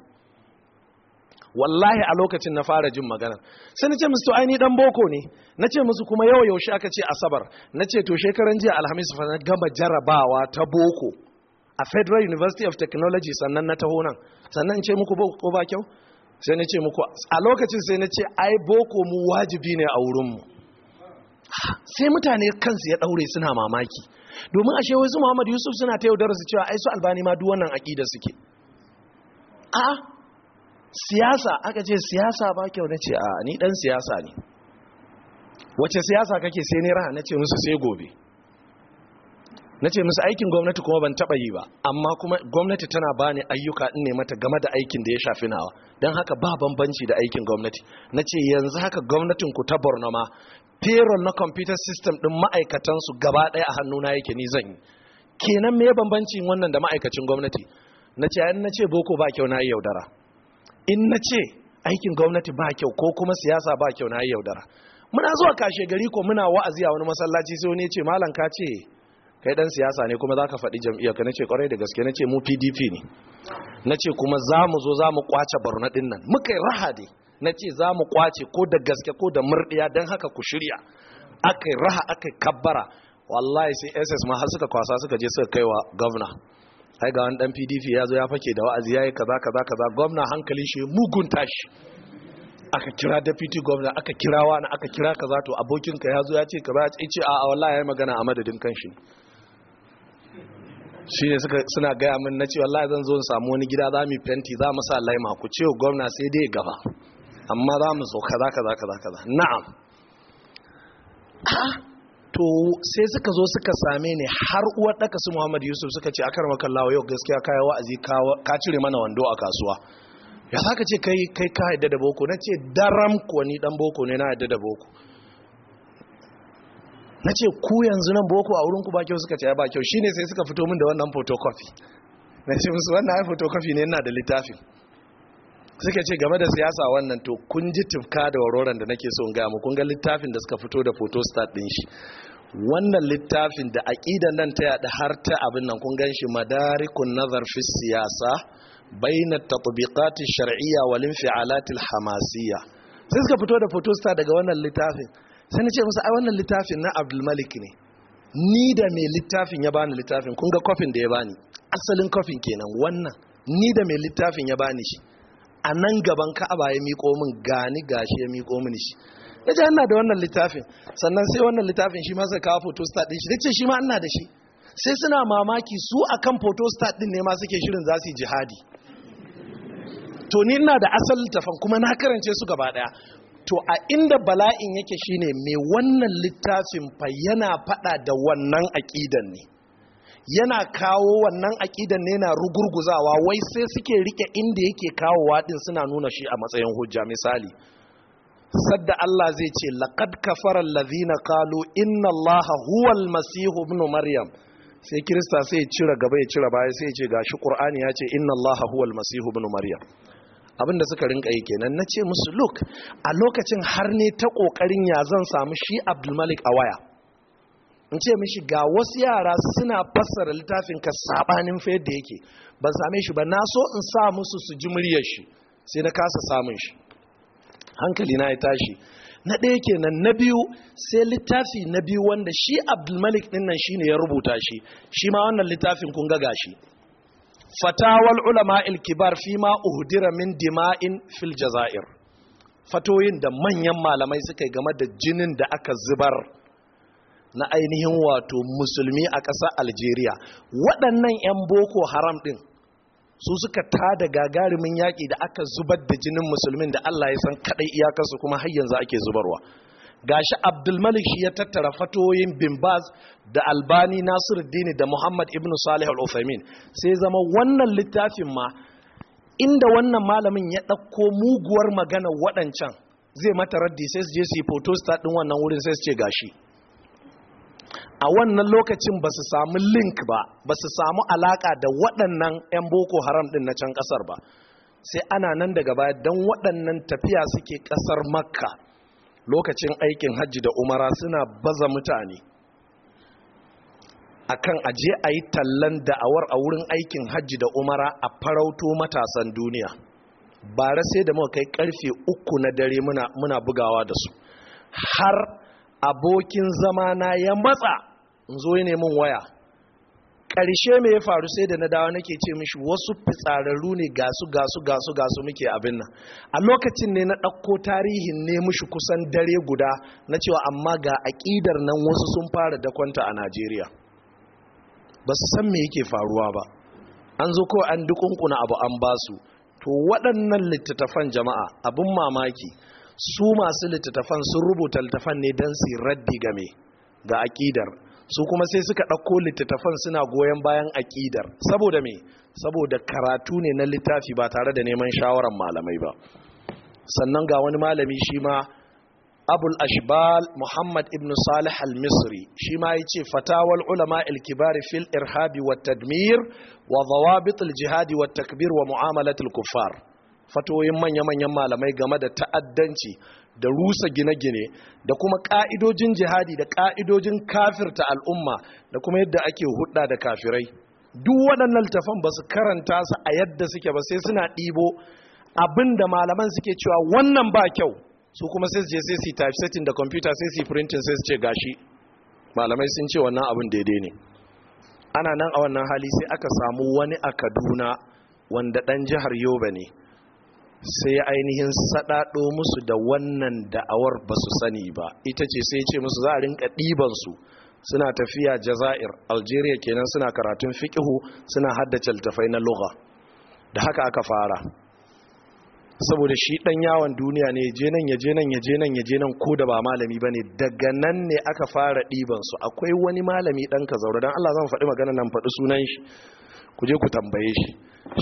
wallahi a lokacin na fara jin magana sai na ce musu to aini dan boko ne na ce musu kuma yau yaushe aka ce asabar na ce to shekaran jiya alhamis fa na gama jarabawa ta boko a federal university of technology sannan na taho nan sannan ce muku boko ko ba kyau sai na ce muku a lokacin sai na ce ai boko mu wajibi ne a wurin mu. sai mutane kansu ya daure suna mamaki domin ashe wai su Muhammad Yusuf suna ta yaudara su cewa ai su albani ma duk wannan aqida suke a siyasa aka ce siyasa ba kyau na ce a ni dan siyasa ne wace siyasa kake sai ne raha na ce musu sai gobe na ce musu aikin gwamnati kuma ban taba yi ba amma kuma gwamnati tana ba ni ayyuka in ne mata game da aikin da ya shafi nawa don haka ba bambanci da aikin gwamnati na ce yanzu haka gwamnatin ku ta borno ma payroll na computer system din ma'aikatansu gaba ɗaya a hannu na yake ni zan yi kenan me bambancin wannan da ma'aikacin gwamnati na ce na ce boko ba kyau na yi yaudara in na ce aikin gwamnati ba kyau ko kuma siyasa ba kyau na yi yaudara muna zuwa kashe gari ko muna wa'azi a wani masallaci sai wani ce malam ka ce kai dan siyasa ne kuma zaka faɗi jam'iyyar ka nace kwarai da gaske nace mu PDP ne nace kuma za mu zo za mu kwace barna din nan muka yi na nace za mu kwace ko da gaske ko da murdiya dan haka ku shirya akai raha akai kabbara wallahi sai SS ma har suka kwasa suka je suka kaiwa gwamna ai ga wani dan pdp ya zo ya fake da wa'azi ya yi kaza kaza kaza gwamna hankalin shi mugun tashi aka kira deputy gwamna aka kira wani aka kira kaza to abokinka ya zo ya ce kaza ya ce a wallahi ya magana a madadin kanshi shi ne suna gaya min na ce wallahi zan zo in samu wani gida za mu fenti za mu sa laima ku ce gwamna sai dai gaba amma za mu zo kaza kaza kaza kaza na'am ah, to sai suka zo suka same ni har uwar daka su Muhammad Yusuf suka ce akar makallawa yau gaskiya kai wa'azi ka cire mana wando a kasuwa ya saka ce kai kai ka yadda da boko na ce daram ko ni dan boko ne na yadda da boko na ce ku yanzu nan boko a wurin ku ba kyau suka ce ya ba kyau shine sai suka fito min da wannan photocopy na ce musu wannan ai photocopy ne ina da littafin suka ce game da siyasa wannan to kun ji tufka da waroran da nake so ga mu kun ga littafin da suka fito da start din shi wannan littafin da aqidan nan ta yada har ta abin nan kun gan madarikun nazar fi siyasa baina tatbiqat ash-shar'iyya wal infi'alat al-hamasiyya sai suka fito da start daga wannan littafin sai nace musu ai wannan littafin na Abdul Malik ne ni da mai littafin ya bani littafin kun ga kofin da ya bani asalin kofin kenan wannan ni da mai littafin ya bani shi a nan gaban ka'aba ya miko min gani gashi ya miko min shi na ji ana da wannan littafin sannan sai wannan littafin shi masa kawo photostat din shi na ce shi ma ana da shi sai suna mamaki su akan photostat din ne ma suke shirin za su yi jihadi to ni ina da asal littafin kuma na karance su gaba ɗaya. to a inda bala'in yake shine mai wannan littafin fa yana fada da wannan aƙidan ne yana kawo wannan aƙidan ne na rugurguzawa wai sai suke rike inda yake kawowa waɗin suna nuna shi a matsayin hujja misali sadda Allah zai ce laqad kafara allazina qalu inna allaha huwal masihu ibn maryam sai kirista sai ya cire gaba ya cire baya sai ya ce gashi qur'ani ya ce inna allaha huwal masihu ibn maryam abinda suka rinka yi kenan na ce musu look a lokacin har ne ta kokarin ya zan samu shi abdulmalik a waya in ce mishi ga wasu yara suna fassara littafin ka sabanin fa yadda yake ban same shi ba na so in sa musu su ji muryar shi sai na kasa samun shi hankali na ya tashi na ɗaya kenan na biyu sai littafi na biyu wanda shi abdulmalik ɗin nan shine ya rubuta shi shi ma wannan littafin kun ga gashi fatawal ulama ilkibar fi ma uhdira min dima'in filjaza'ir, fatoyin da manyan malamai suka game da jinin da aka zubar na ainihin wato musulmi a ƙasar algeria waɗannan 'yan boko haram ɗin su suka tada gagarumin yaƙi da aka zubar da jinin musulmin da allah ya san kaɗai iyakarsu kuma har yanzu ake zubarwa gashi abdulmalik shi ya tattara fatoyin bin da albani nasiruddini da muhammad ibn salih al ufamin sai zama wannan littafin ma inda wannan malamin ya ɗauko muguwar magana waɗancan zai mata raddi sai su je su yi photostat ɗin wannan wurin sai su ce gashi a wannan lokacin ba su samu link ba ba su samu alaka da waɗannan 'yan boko haram ɗin na can ƙasar ba sai ana nan daga baya don waɗannan tafiya suke ƙasar makka lokacin aikin hajji da umara suna baza mutane akan aje a yi tallan da'awar a wurin aikin hajji da umara a farauto matasan duniya bara sai da muka kai karfe uku na dare muna, muna bugawa da su har abokin zamana ya matsa in zo yi neman waya ƙarshe me ya faru sai da na dawa nake ce mishi wasu fitsararru ne gasu gasu gasu gasu muke abin nan a lokacin ne na ɗauko tarihin ne mishi kusan dare guda na cewa amma ga aƙidar nan wasu sun fara dakwanta a najeriya ba su san me yake faruwa ba an zo ko an dukunkuna abu an basu to waɗannan littattafan jama'a abin mamaki su masu littattafan sun rubuta littattafan ne don su raddi game ga aƙidar su kuma sai suka ɗauko littattafan suna goyon bayan aƙidar saboda me saboda karatu ne na littafi ba tare da neman shawarar malamai ba sannan ga wani malami shi ma abul ashbal muhammad ibn salih al-misri shi ma ya ce fatawal ulama ilkibari fil irhabi wa tadmir wa zawabitul jihadi wa takbir wa mu'amalatul kuffar fatoyin manya-manyan malamai game da ta'addanci da rusa gine-gine da kuma ka'idojin jihadi da ka'idojin kafirta al'umma da kuma yadda ake hudda da kafirai duk waɗannan tafan ba su karanta su a yadda suke ba sai suna ɗibo abin da malaman suke cewa wannan ba kyau su kuma sai su je sai su type setting da computer sai su printing sai su ce gashi malamai sun ce wannan abin daidai ne ana nan a wannan hali sai aka samu wani a kaduna wanda ɗan jihar yoba ne sai ainihin saɗaɗo musu da wannan da'awar ba su sani ba ita ce sai ce musu za a rinka ɗibansu suna tafiya jaza'ir algeria kenan suna karatun fikihu suna haddace littafai na luga da haka aka fara saboda shi ɗan yawon duniya ne je nan ya je nan ya je nan ya je nan ko da ba malami ba ne daga nan ne aka fara ɗibansu akwai wani malami ɗan ka zaura don allah zan faɗi magana nan faɗi sunan shi ku je ku tambaye shi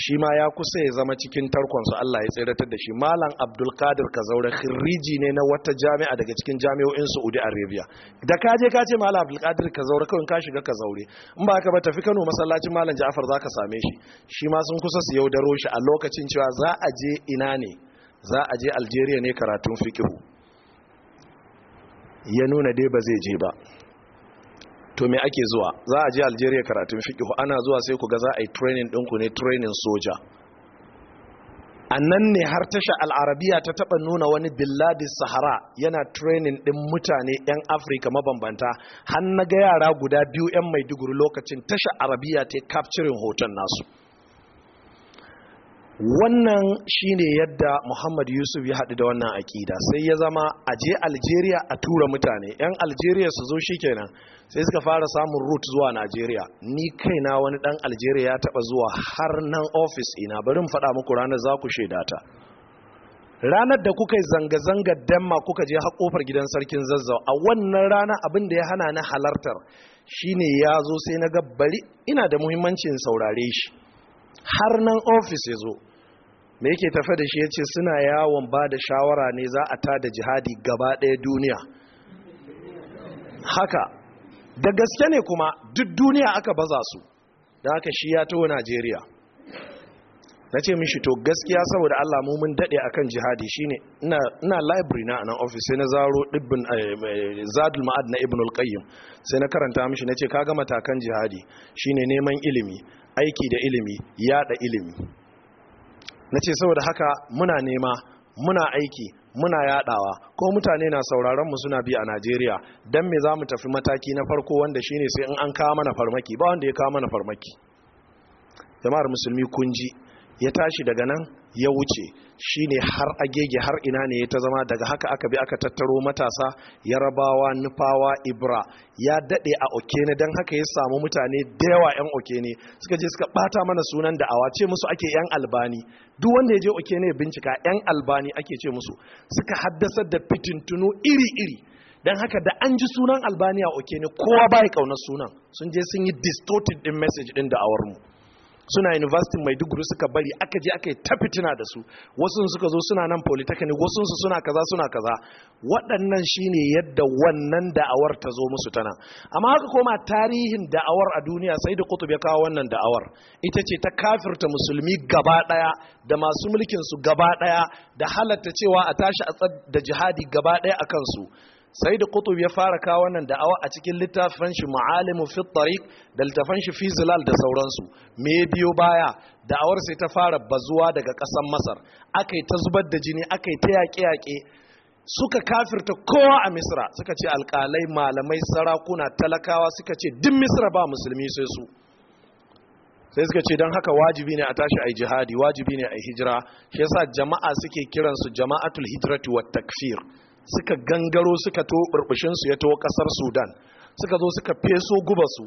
shi ma ya kusa ya zama cikin tarkon tarkonsu Allah ya tsiratar da shi malam abdul qadir kazaure khiriji ne na wata jami'a daga cikin jami'o'in saudi arabia da ka je ka ce malam abdul qadir kazaure kawai ka shiga kazaure in ba ka ba tafi kano masallacin malam ja'far zaka same shi shi ma sun kusa su yaudaro shi a lokacin cewa za a je ina ne za a je algeria ne karatun fiqh ya nuna dai ba zai je ba to me ake zuwa za a je algeria karatun fikihu ana zuwa sai ku ga za a yi training ɗinku ne training soja a nan ne har tasha al'arabiya ta taɓa nuna wani billadi sahara yana training ɗin mutane 'yan afirka mabambanta har na ga yara guda biyu 'yan maiduguri lokacin tasha arabiya ta yi capturing hoton nasu wannan shine yadda muhammad yusuf ya haɗu da wannan aƙida sai ya zama a je algeria a tura mutane 'yan algeria su zo shikenan sai suka fara samun root zuwa nigeria ni kaina wani ɗan algeria ya taɓa zuwa har nan ofis ina bari mu faɗa muku ranar za ku shaidata, ranar da kuka yi zanga-zanga denma kuka je haƙofar gidan sarkin zazzau a wannan rana abin da ya hana ni halartar shine ya zo sai na ga bari ina da muhimmancin saurare shi har nan ofis ya zo me yake tafe da shi ya ce suna yawon ba da shawara ne za a ta da jihadi gaba ɗaya duniya haka da gaske ne kuma duk duniya aka baza su da aka shi ya najeriya na ce mishi to gaskiya saboda allah mu mun daɗe akan jihadi shine ina library na nan office sai na zaro ɗibbin eh, eh, zadul ma'ad na ibn al sai na karanta mishi na ce ka gama takan jihadi ne neman ilimi aiki da ilimi yaɗa ilimi na ce saboda haka muna nema muna aiki muna yadawa ko mutane na sauraron mu suna bi a Najeriya dan me za mu tafi mataki na farko wanda shine sai in an kawo mana farmaki ba wanda ya kawo mana farmaki jama'ar musulmi Kunji, ya tashi daga nan ya wuce shine har agege har ina ne ta zama daga haka aka bi aka tattaro matasa yarabawa nufawa ibra ya daɗe a okene don haka ya samu mutane da yawa yan okene suka je suka bata mana sunan da awa ce musu ake yan albani duk wanda ya je okene ya bincika yan albani ake ce musu suka haddasa da fitintunu iri-iri don haka da an ji sunan albani a okene kowa ba ya kaunar sunan sun je sun yi distorted din message din da awarmu suna university maiduguri suka bari aka je aka yi ta fitina da su wasu suka zo suna nan polytechnic wasu su suna kaza suna kaza waɗannan shine yadda wannan da'awar ta zo musu tana amma haka koma tarihin da'awar a duniya sai da kutub ya kawo wannan da'awar ita ce ta kafirta musulmi gaba ɗaya da masu mulkin su gaba ɗaya da halatta cewa a tashi a da jihadi gaba ɗaya a kansu sai da kutub ya fara kawo wannan da'awa a cikin littafin shi ma'alimu fi tariq da littafin shi fi zilal da sauransu me biyo baya da'awar sai ta fara bazuwa daga ƙasar masar aka ta zubar da jini akai ta yaƙe-yaƙe suka kafirta kowa a misra suka ce alƙalai malamai sarakuna talakawa suka ce duk misra ba musulmi sai su sai suka ce don haka wajibi ne a tashi a jihadi wajibi ne a hijira shi yasa jama'a suke kiransu jama'atul hijratu wa takfir suka gangaro suka to burbushinsu ya to kasar sudan suka zo suka feso su.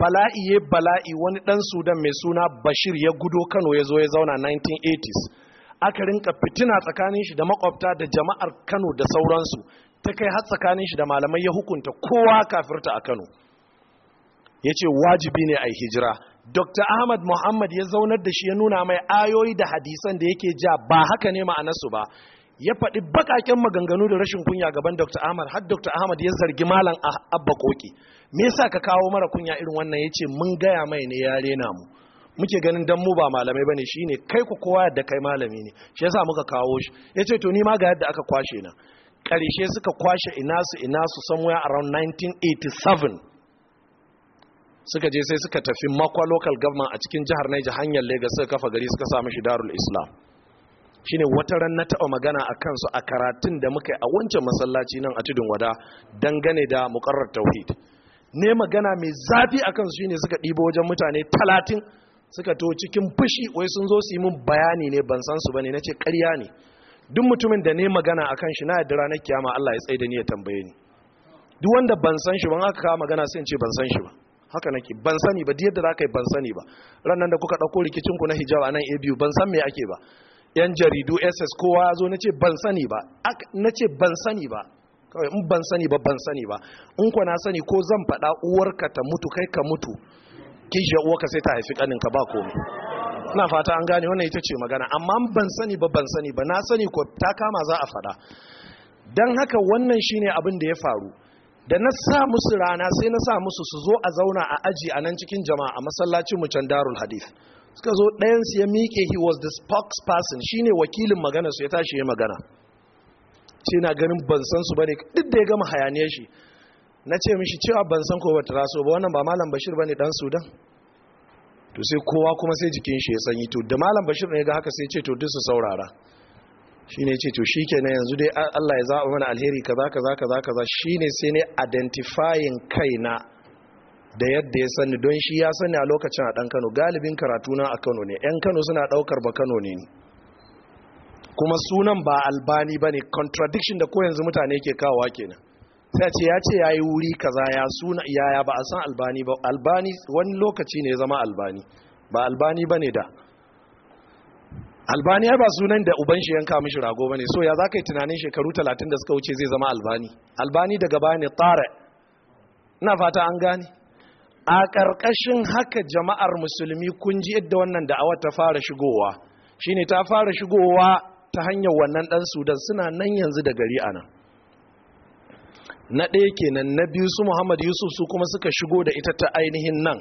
bala'i ya bala'i wani dan sudan mai suna bashir ya gudo kano ya zo ya zauna 1980s aka rinka fitina tsakanin shi da makwabta da jama'ar kano da sauransu ta kai har tsakanin shi da malamai ya hukunta kowa kafirta a kano ya ce wajibi ne a hijira dr ahmad muhammad ya zaunar da shi ya nuna mai ayoyi da hadisan da yake ja ba haka ne ma'anarsu ba ya faɗi bakaken maganganu da rashin kunya gaban Dr. Ahmad har Dr. Ahmad ya zargi malam Abba Koki me yasa ka kawo mara kunya irin wannan yace mun gaya mai ne ya rena mu muke ganin dan mu ba malamai ba bane shine kai ku kowa da kai malami ne shi yasa muka kawo shi yace to ni ma ga yadda aka kwashe na karshe suka kwashe inasu inasu somewhere around 1987 suka je sai suka tafi makwa local government a cikin jihar Niger hanyar Lagos suka kafa gari suka samu shi Darul Islam shine wata ran na taɓa magana a kansu a karatun da muka yi a wancan masallaci nan a tudun wada dangane da muƙarrar tauhid ne magana mai zafi a kansu shine suka ɗibo wajen mutane talatin suka to cikin fushi wai sun zo su yi min bayani ne ban san su bane ce ƙarya ne duk mutumin da ne magana a kan shi na yadda ranar kiyama Allah ya tsaye da ni ya tambaye ni duk wanda ban san shi ban aka kawo magana sai in ce ban san shi ba haka nake ban sani ba yadda za ka yi ban sani ba ran nan da kuka ɗauko rikicinku na hijab a nan a biyu ban san me ake ba yan jaridu ss kowa ya zo na ce ban sani ba na ce ban sani ba kawai in ban sani ba ban sani ba in kwa na sani ko zan faɗa uwarka ta mutu kai ka mutu kishiyar uwarka sai ta haifi ƙaninka ba komi. na fata an gane wannan ita ce magana amma ban sani ba ban sani ba na sani ko ta kama za a faɗa don haka wannan shine abin da ya faru da na sa musu rana sai na sa musu su zo a zauna a aji a nan cikin jama'a a masallacin mu can darul hadith suka zo ɗayansu ya miƙe he was the spokesperson shine wakilin magana su ya tashi ya magana ce na ganin ban san su bane duk da ya gama hayaniyar shi na ce mishi cewa ban san ko bata raso ba wannan ba malam bashir bane dan sudan to sai kowa kuma sai jikin shi ya sanyi to da malam bashir ne ga haka sai ce to duk su saurara shine ce to shikenan yanzu dai Allah ya zaba mana alheri kaza kaza kaza kaza shine sai ne identifying kaina da yadda ya sani don shi ya sani a lokacin a ɗan kano galibin karatu na a kano ne 'yan kano suna ɗaukar ba kano ne kuma sunan ba albani ba ne contradiction da ko yanzu mutane ke kawowa kenan sai ce ya ce ya yi wuri kaza ya suna yaya ba a san albani ba albani wani lokaci ne zama albani ba albani ba ne da albani ya ba sunan da uban shi yanka mishi rago ba ne so ya za ka yi tunanin shekaru talatin da suka wuce zai zama albani albani daga baya ne tsara ina fata an gane a ƙarƙashin haka jama'ar musulmi kun ji yadda wannan da'awa ta fara shigowa shine ta fara shigowa ta hanyar wannan ɗan sudan suna nan yanzu da gari anan. na ɗaya kenan na biyu su muhammad yusuf su kuma suka shigo da ita ta ainihin nan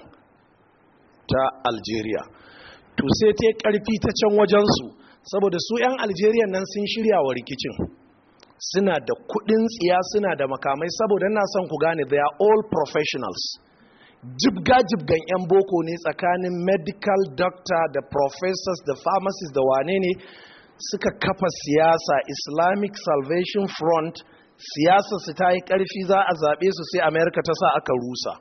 ta algeria to sai ta ƙarfi ta can wajensu saboda su 'yan algeria nan sun shirya wa rikicin suna da kuɗin tsiya suna da makamai saboda na son ku gane they are all professionals jibga-jibgan 'yan boko ne tsakanin medical doctor da professors da pharmacists da wane ne suka kafa siyasa islamic salvation front siyasa su ta yi ƙarfi za a zaɓe su sai amerika ta sa aka rusa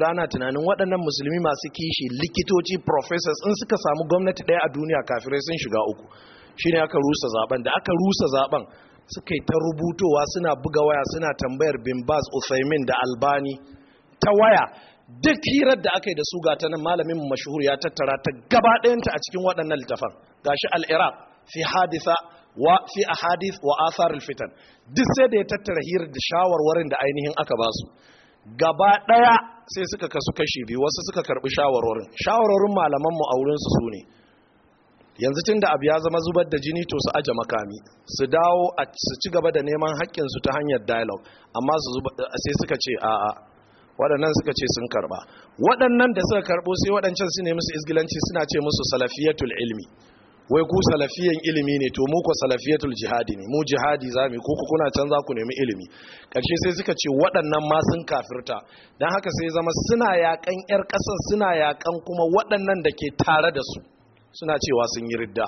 da ana tunanin waɗannan musulmi masu kishi likitoci professors in suka samu gwamnati ɗaya a duniya kafirai sun shiga uku shine aka rusa zaben da aka rusa zaben suka yi ta rubutowa suna buga waya suna tambayar bin bas da albani ta waya duk hirar da aka yi da su ga nan malamin mashuhur ya tattara ta gaba ɗayanta a cikin waɗannan littafan gashi al-iraq fi hadisa wa fi wa asar al-fitan duk sai da ya tattara hirar da shawarwarin da ainihin aka ba su gaba ɗaya sai suka kasu kashi biyu wasu suka karɓi shawarwarin shawarwarin malaman mu a wurinsu su ne yanzu tun da abu ya zama zubar da jini to su aje makami su dawo su ci gaba da neman haƙƙinsu ta hanyar dialogue amma sai suka ce a'a waɗannan suka ce sun karɓa waɗannan da suka karɓo sai waɗancan su ne musu izgilanci suna ce musu salafiyatul ilmi wai ku salafiyan ilimi ne to mu salafiyatul jihadi ne mu jihadi za mu ku kuna can za ku nemi ilimi karshe sai suka ce waɗannan ma sun kafirta don haka sai zama suna yakan yar ƙasar suna yakan kuma waɗannan da ke tare da su suna cewa sun yi ridda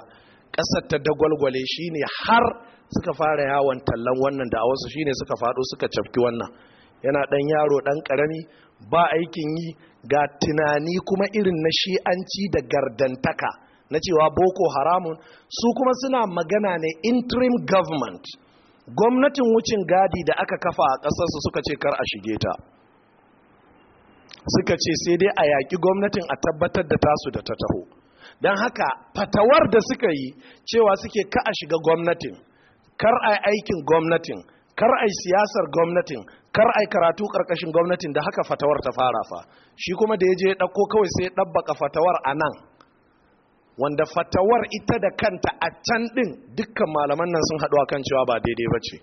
ƙasar ta dagwalgwale shine har suka fara yawon tallan wannan da a wasu shine suka faɗo suka cafki wannan yana ɗan yaro ɗan ƙarami ba aikin yi ga tunani kuma irin na shi'anci da gardantaka na cewa boko haramun su kuma suna magana ne interim government gwamnatin wucin gadi da aka kafa a ƙasarsu suka ce kar a shige ta suka ce sai dai a yaƙi gwamnatin a tabbatar da tasu da ta taho don haka fatawar da suka yi cewa suke ka a shiga gwamnatin kar a aikin gwamnatin kar ai siyasar gwamnatin kar ai karatu karkashin gwamnatin da haka fatawar ta fara fa shi kuma da ya je ɗauko kawai sai ya ɗabbaka fatawar a nan wanda fatawar ita da kanta a can ɗin dukkan malaman nan sun haɗu kan cewa ba daidai ba ce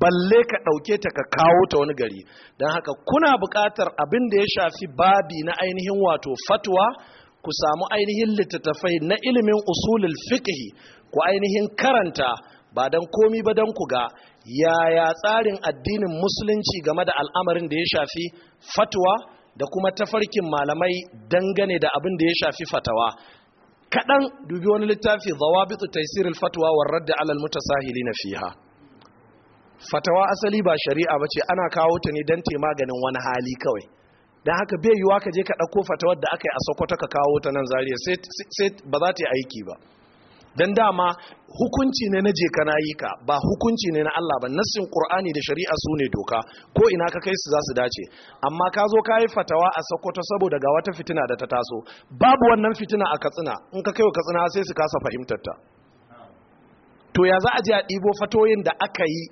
balle ka ɗauke ta ka kawo ta wani gari don haka kuna buƙatar abin da ya shafi babi na ainihin wato fatwa ku samu ainihin littattafai na ilimin usulul fiqh ku ainihin karanta ba don komi ba don ku ga yaya tsarin addinin musulunci game da al'amarin da ya shafi fatwa da kuma tafarkin malamai dangane da abin da ya shafi fatawa kaɗan dubi wani littafi zawa, zawabitu taisirin, fatwa warradda, da alal mutasahili na fiha fatawa asali ba shari'a ba ce ana kawo ta ne don te maganin wani hali kawai don haka bai yiwa ka je ka ɗauko fatawar da aka yi a sokoto ka kawo ta nan zariya sai ba za ta yi aiki ba don dama hukunci ne na je kana yi ka ba hukunci ne na Allah ba nassin Qur'ani da shari'a su ne doka ko ina ka kai su za su dace amma ka zo ka yi fatawa a Sokoto saboda ga wata fitina da ta taso babu wannan fitina a Katsina in ka kai wa Katsina sai su kasa fahimtar ta to ya za a je a ɗibo fatoyin da aka yi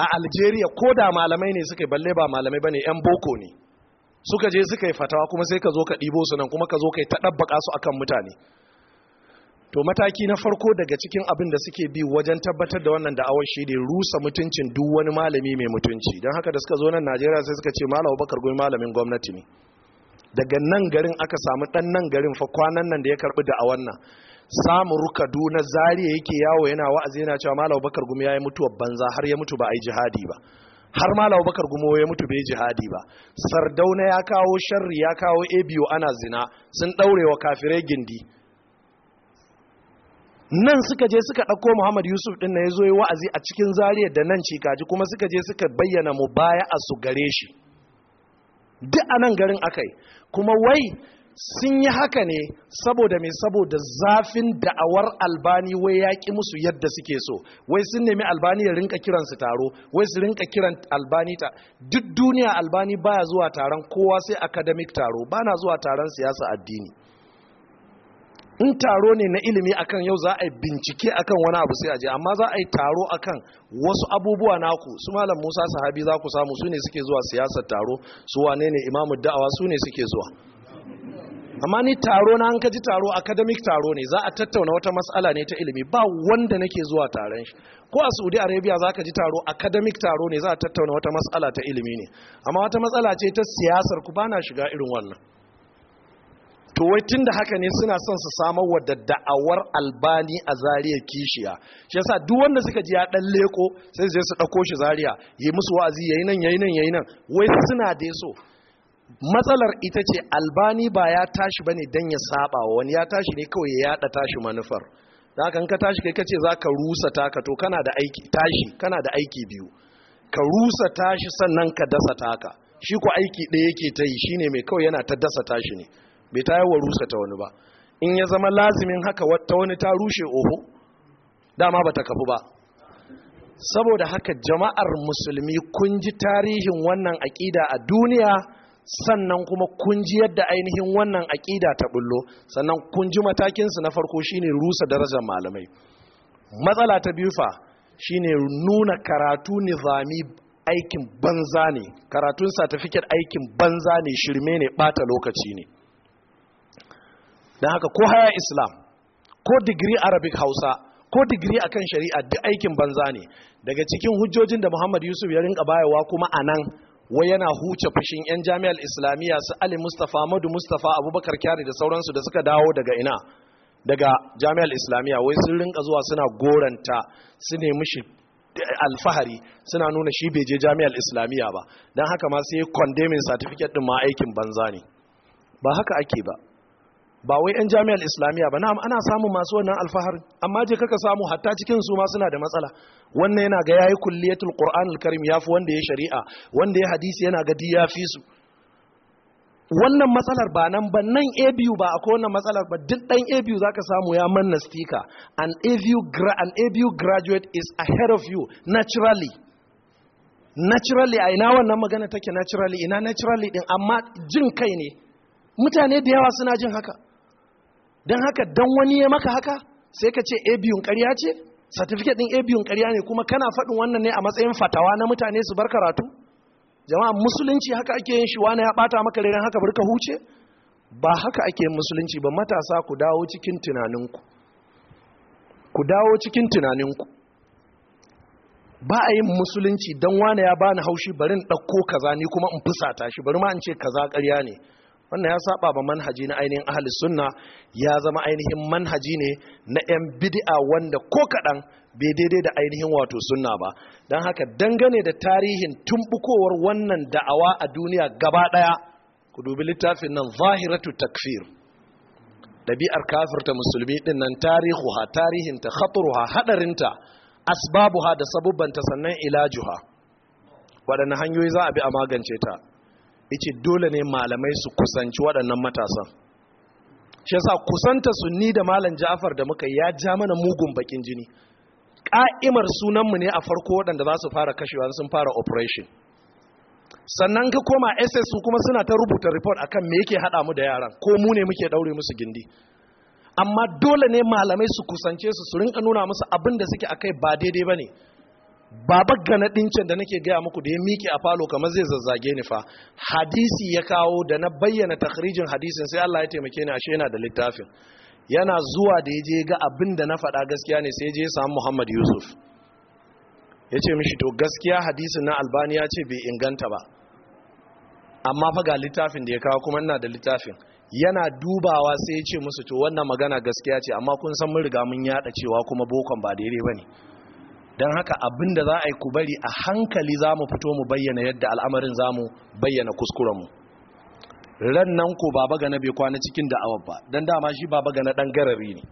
a Algeria ko da malamai ne suka yi balle ba malamai bane yan boko ne suka je suka yi fatawa kuma sai ka zo ka ɗibo su nan kuma ka zo ka yi taɗabbaka su akan mutane to mataki na farko daga cikin abin da suke bi wajen tabbatar da wannan da'awar shi ne rusa mutuncin duk wani malami mai mutunci don haka da suka zo nan najeriya sai suka ce malam bakar gomi malamin gwamnati ne daga nan garin aka samu dan nan garin fa kwanan nan da ya karbi da nan samu ruka Zaria zariya yake yawo yana wa'azi yana cewa malam bakar gumi yi mutuwar banza har ya mutu ba yi jihadi ba har malam bakar gumo ya mutu bai jihadi ba sardauna ya kawo sharri ya kawo abiyo ana zina sun daure wa kafirai gindi nan suka je suka ɗauko muhammad yusuf ɗin na ya zo yi wa'azi a cikin Zariya da nan cikaji kuma suka je suka bayyana mu baya a su gare shi duk a nan garin akai kuma wai sun yi haka ne saboda mai saboda zafin da'awar albani wai ya ƙi musu yadda suke so wai sun nemi albani ya rinka kiransu taro wai su rinka kiran albani ta duk duniya albani baya zuwa taron kowa sai academic taro ba na zuwa taron siyasa addini in taro ne na ilimi akan yau za a yi bincike akan wani abu sai a je amma za a yi taro akan wasu abubuwa naku su malam musa sahabi za ku samu su ne suke zuwa siyasar taro su wane ne imamu da'awa su ne suke zuwa amma ni taro na an kaji taro academic taro ne za a tattauna wata mas'ala ne ta ilimi ba wanda nake zuwa taron shi ko a saudi arabia za ka ji taro academic taro ne za a tattauna wata matsala ta ilimi ne amma wata matsala ce ta siyasar ku ba na shiga irin wannan to wai tun da haka ne suna son su samar wa da da'awar albani a zariya kishiya shi yasa duk wanda suka ji ya dan leko sai zai su ɗauko shi zariya yi musu wa'azi yayi nan yayi nan yayi nan wai suna da so matsalar ita ce albani ba ya tashi ba ne don ya saba wani ya tashi ne kawai ya yada tashi manufar da haka ka tashi kai kace zaka ka rusa taka to kana da aiki tashi kana da aiki biyu ka rusa tashi sannan ka dasa taka shi ko aiki ɗaya yake ta yi shine mai kawai yana ta dasa tashi ne bai tayar wa rusa ta wani ba in ya zama lazimin haka wata wani ta rushe oho dama ba ta kafu ba saboda haka jama'ar musulmi kunji tarihin wannan aƙida a duniya sannan kuma kunji yadda ainihin wannan aƙida ta bullo sannan kunji matakinsu na farko shine rusa darajar malamai matsala ta biyu fa shine nuna karatu nizami aikin banza ne karatun satifiket aikin banza ne shirme ne bata lokaci ne don haka ko haya islam ko digiri arabic hausa ko digiri a kan shari'a duk aikin banza ne daga cikin hujjojin da muhammad yusuf ya rinka bayawa kuma a nan wai yana huce fushin 'yan jami'ar islamiyya su ali mustapha madu mustapha abubakar kyari da sauransu da suka dawo daga ina daga jami'ar islamiyya wai sun rinka zuwa suna goranta su nemi shi alfahari suna nuna shi bai je jami'ar islamiyya ba don haka ma sai condemning satifiket din ma aikin banza ne ba haka ake ba ba wai 'yan jami'ar islamiyya ba na'am ana samun masu wannan alfahari amma je kaka samu hatta cikin su ma suna da matsala wannan yana ga yayi kulliyatul qur'an ya yafi wanda ya shari'a wanda ya hadisi yana ga diya fi su wannan matsalar ba nan ba nan abu ba akwai wannan matsalar ba duk dan abu zaka samu ya manna stika an abu an abu graduate is ahead of you naturally naturally a ina wannan magana take naturally ina naturally din amma jin kai ne mutane da yawa suna jin haka don haka don wani ya maka haka sai ka ce abiyun ƙarya ce certificate ɗin abiyun ƙarya ne kuma kana faɗin wannan ne a matsayin fatawa na mutane su bar karatu jama'a musulunci haka ake yin shi wani ya ɓata maka rairan haka ka huce ba haka ake yin musulunci ba matasa ku dawo cikin tunaninku ku dawo cikin tunaninku ba a yin musulunci don wani ya bani haushi barin ɗauko kaza ni kuma in fusata shi bari ma in ce kaza ƙarya ne wannan ya saba ba manhaji na ainihin ahli sunna ya zama ainihin manhaji ne na yan bid'a wanda ko kaɗan bai daidai da ainihin wato sunna ba don haka dangane da tarihin tumbukowar wannan da'awa a duniya gaba daya ku dubi littafin nan zahiratu takfir ɗabi'ar kafirta musulmi din nan tarihuha tarihinta khaturuha hadarinta asbabuha da sabubbanta sannan ilajuha waɗanne hanyoyi za a bi a magance ta yace dole ne malamai su kusanci waɗannan matasan shi yasa kusanta sunni da malam Ja'far da muka ya ja mana mugun bakin jini ƙa'imar sunanmu ne a farko waɗanda za su fara kashewa sun fara operation sannan ka koma ss kuma suna ta rubuta report akan me yake haɗa mu da yaran ko mu ne muke ɗaure musu gindi amma dole ne malamai su kusance su su rinka nuna musu abin da suke akai ba daidai ba ne baba na ɗincin da nake gaya muku da ya miƙe a falo kamar zai zazzage ni fa hadisi ya kawo da na bayyana takhrijin hadisin sai Allah ya taimake ni ashe yana da littafin yana zuwa da ya je ga abin da na faɗa gaskiya ne sai ya je ya samu Muhammad Yusuf yace ce mishi to gaskiya hadisin na Albani ya ce bai inganta ba amma fa ga littafin da ya kawo kuma ina da littafin yana dubawa sai ya ce musu to wannan magana gaskiya ce amma kun san mun riga mun yada cewa kuma bokon ba daidai bane don haka abin da za a yi ku bari a hankali za mu fito mu bayyana yadda al'amarin za mu bayyana kuskurenmu ran nan ko baba gana bai kwana cikin da'awar ba don dama shi baba gana ɗan garari ne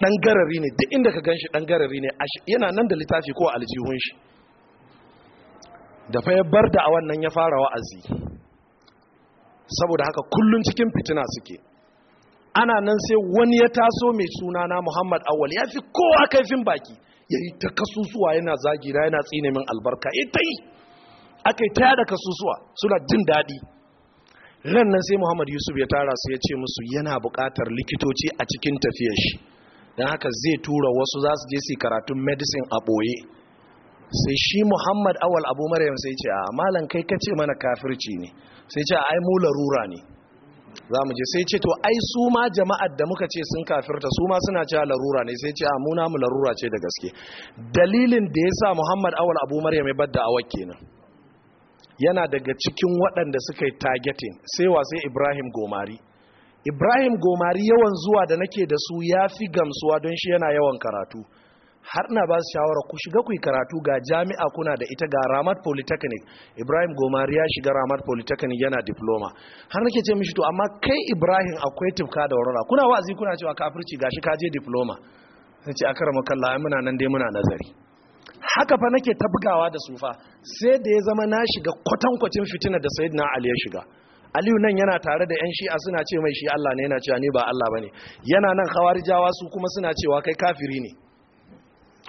ɗan garari ne da inda ka gan shi ɗan garari ne yana nan da littafi ko aljihun shi da fa ya bar da'awar nan ya fara wa'azi saboda haka kullum cikin fitina suke ana nan sai wani ya taso mai suna na muhammad awal ya fi kowa kaifin baki ya ta kasusuwa yana zagina yana tsine min albarka ita eh, yi aka yi ta yada kasusuwa suna jin daɗi ran nan sai muhammad yusuf ya tara su ya ce musu yana buƙatar likitoci a cikin tafiyar shi don haka zai tura wasu za su je su karatun medicine a ɓoye sai shi muhammad awal abu maryam sai ce a malam kai kace mana kafirci ne sai ce ai mu larura ne za mu je sai ce to ai su ma jama'ar da muka ce sun kafirta su ma suna cewa larura ne sai ce a munamu larura ce da gaske dalilin da ya sa muhammad awal abu maryam ya badda awak kenan yana daga cikin waɗanda suka yi targeting sai wa sai ibrahim gomari ibrahim gomari yawan zuwa da nake da su ya fi gamsuwa don shi yana yawan karatu har na ba su shawara ku shiga ku yi karatu ga jami'a kuna da ita ga ramat polytechnic ibrahim gomari ya shiga ramat polytechnic yana diploma har nake ce mishi to amma kai ibrahim akwai tufka da warwara kuna wa'azi kuna cewa kafirci gashi ka je diploma sai ce akara makalla ai muna nan dai muna nazari haka fa nake ta da sufa sai da ya zama na shiga kwatankwacin fitina da sayyidina ali ya shiga aliyu nan yana tare da 'yan shi'a suna ce mai shi allah ne yana cewa ni ba allah ba ne yana nan khawarijawa su kuma suna cewa kai kafiri ne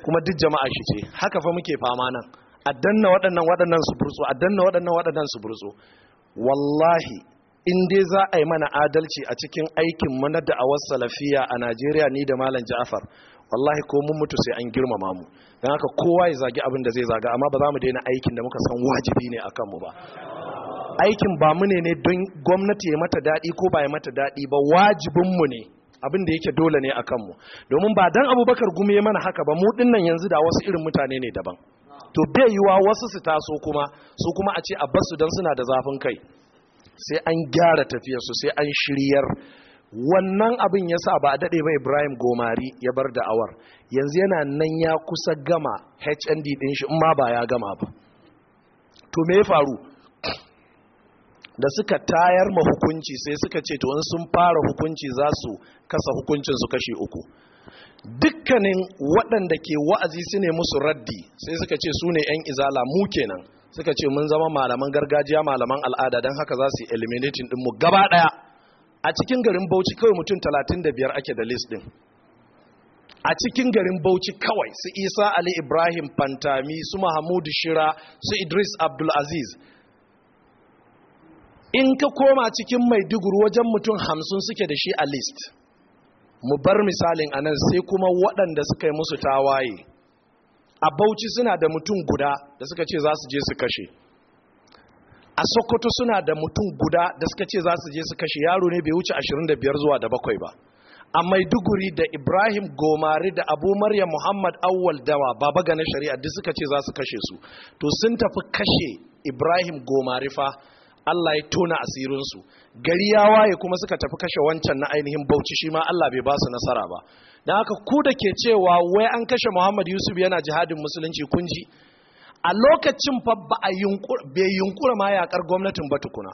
kuma duk jama'a shi ce haka fa muke fama nan a danna waɗannan waɗannan su burtsu, a danna waɗannan waɗannan su burtsu. wallahi in dai za a yi mana adalci a cikin aikin mu na da'awar salafiya a Najeriya ni da Malam Ja'far wallahi ko mun mutu sai an girmama mu dan haka kowa ya zagi abin da zai zaga amma ba za mu daina aikin da muka san wajibi ne akan mu ba aikin ba mu ne ne don gwamnati ya mata daɗi ko ba ya mata daɗi ba wajibinmu ne abin da yake dole ne a kanmu domin ba dan abubakar gume mana haka ba mu ɗinnan yanzu da wasu irin mutane ne daban to bai yiwa wasu su taso kuma su kuma a ce a su don suna da zafin kai sai an gyara tafiyarsu sai an shiryar wannan abin ya sa ba a daɗe ba ibrahim gomari ya bar da awar yanzu yana nan ya kusa gama hnd din shi in ma ba ya gama ba to me ya faru da suka tayar ma hukunci sai suka ce to sun fara hukunci za su kasa hukuncin su kashe uku dukkanin waɗanda ke wa'azi su ne musu raddi sai suka ce su ne 'yan izala mu kenan suka ce mun zama malaman gargajiya malaman al'ada don haka za su yi eliminating mu gaba ɗaya a cikin garin bauchi kawai mutum 35 ake da list ɗin a cikin garin bauchi kawai su isa ali ibrahim fantami su mahamudu shira su idris abdulaziz in ka koma cikin maiduguri wajen mutum hamsin suke da shi a list mu bar misalin a nan sai kuma waɗanda suka yi musu tawaye a bauchi suna da mutum guda da suka ce za su je su kashe a sokoto suna da mutum guda da suka ce za su je su kashe yaro ne bai wuce 25 zuwa da bakwai ba a maiduguri da ibrahim gomari da abu maryam muhammad awwal dawa baba gane shari'a duk suka ce za su kashe su to sun tafi kashe ibrahim gomari fa Allah ya tona asirinsu gari ya waye kuma suka tafi kashe wancan na ainihin bauchi shi ma Allah bai ba su nasara ba don haka ku da ke cewa wai an kashe Muhammad Yusuf yana jihadin musulunci kun ji a lokacin fa ba a bai yunkura ma yakar gwamnatin ba tukuna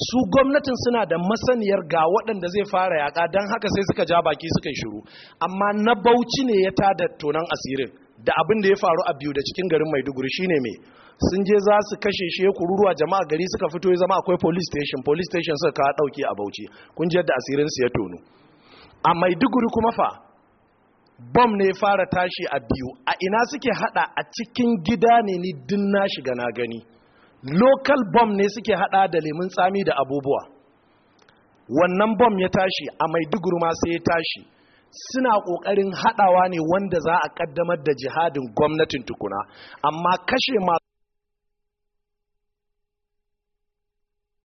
su gwamnatin suna da masaniyar ga waɗanda zai fara yaƙa don haka sai suka ja baki suka yi shiru amma na bauchi ne ya tada tonan asirin da abin da ya faru a biyu da cikin garin maiduguri shine mai sun je za su kashe shi ya kururuwa jama'a gari suka fito ya zama akwai police station police station suka kawo dauki a Bauchi kun ji yadda asirin su ya tono. a Maiduguri kuma fa bom ne fara tashi a biyu a ina suke hada a cikin gida ne ni din na shiga na gani local bom ne suke hada da lemun tsami da abubuwa wannan bom ya tashi a Maiduguri ma sai ya tashi suna ƙoƙarin haɗawa ne wanda za a ƙaddamar da jihadin gwamnatin tukuna amma kashe ma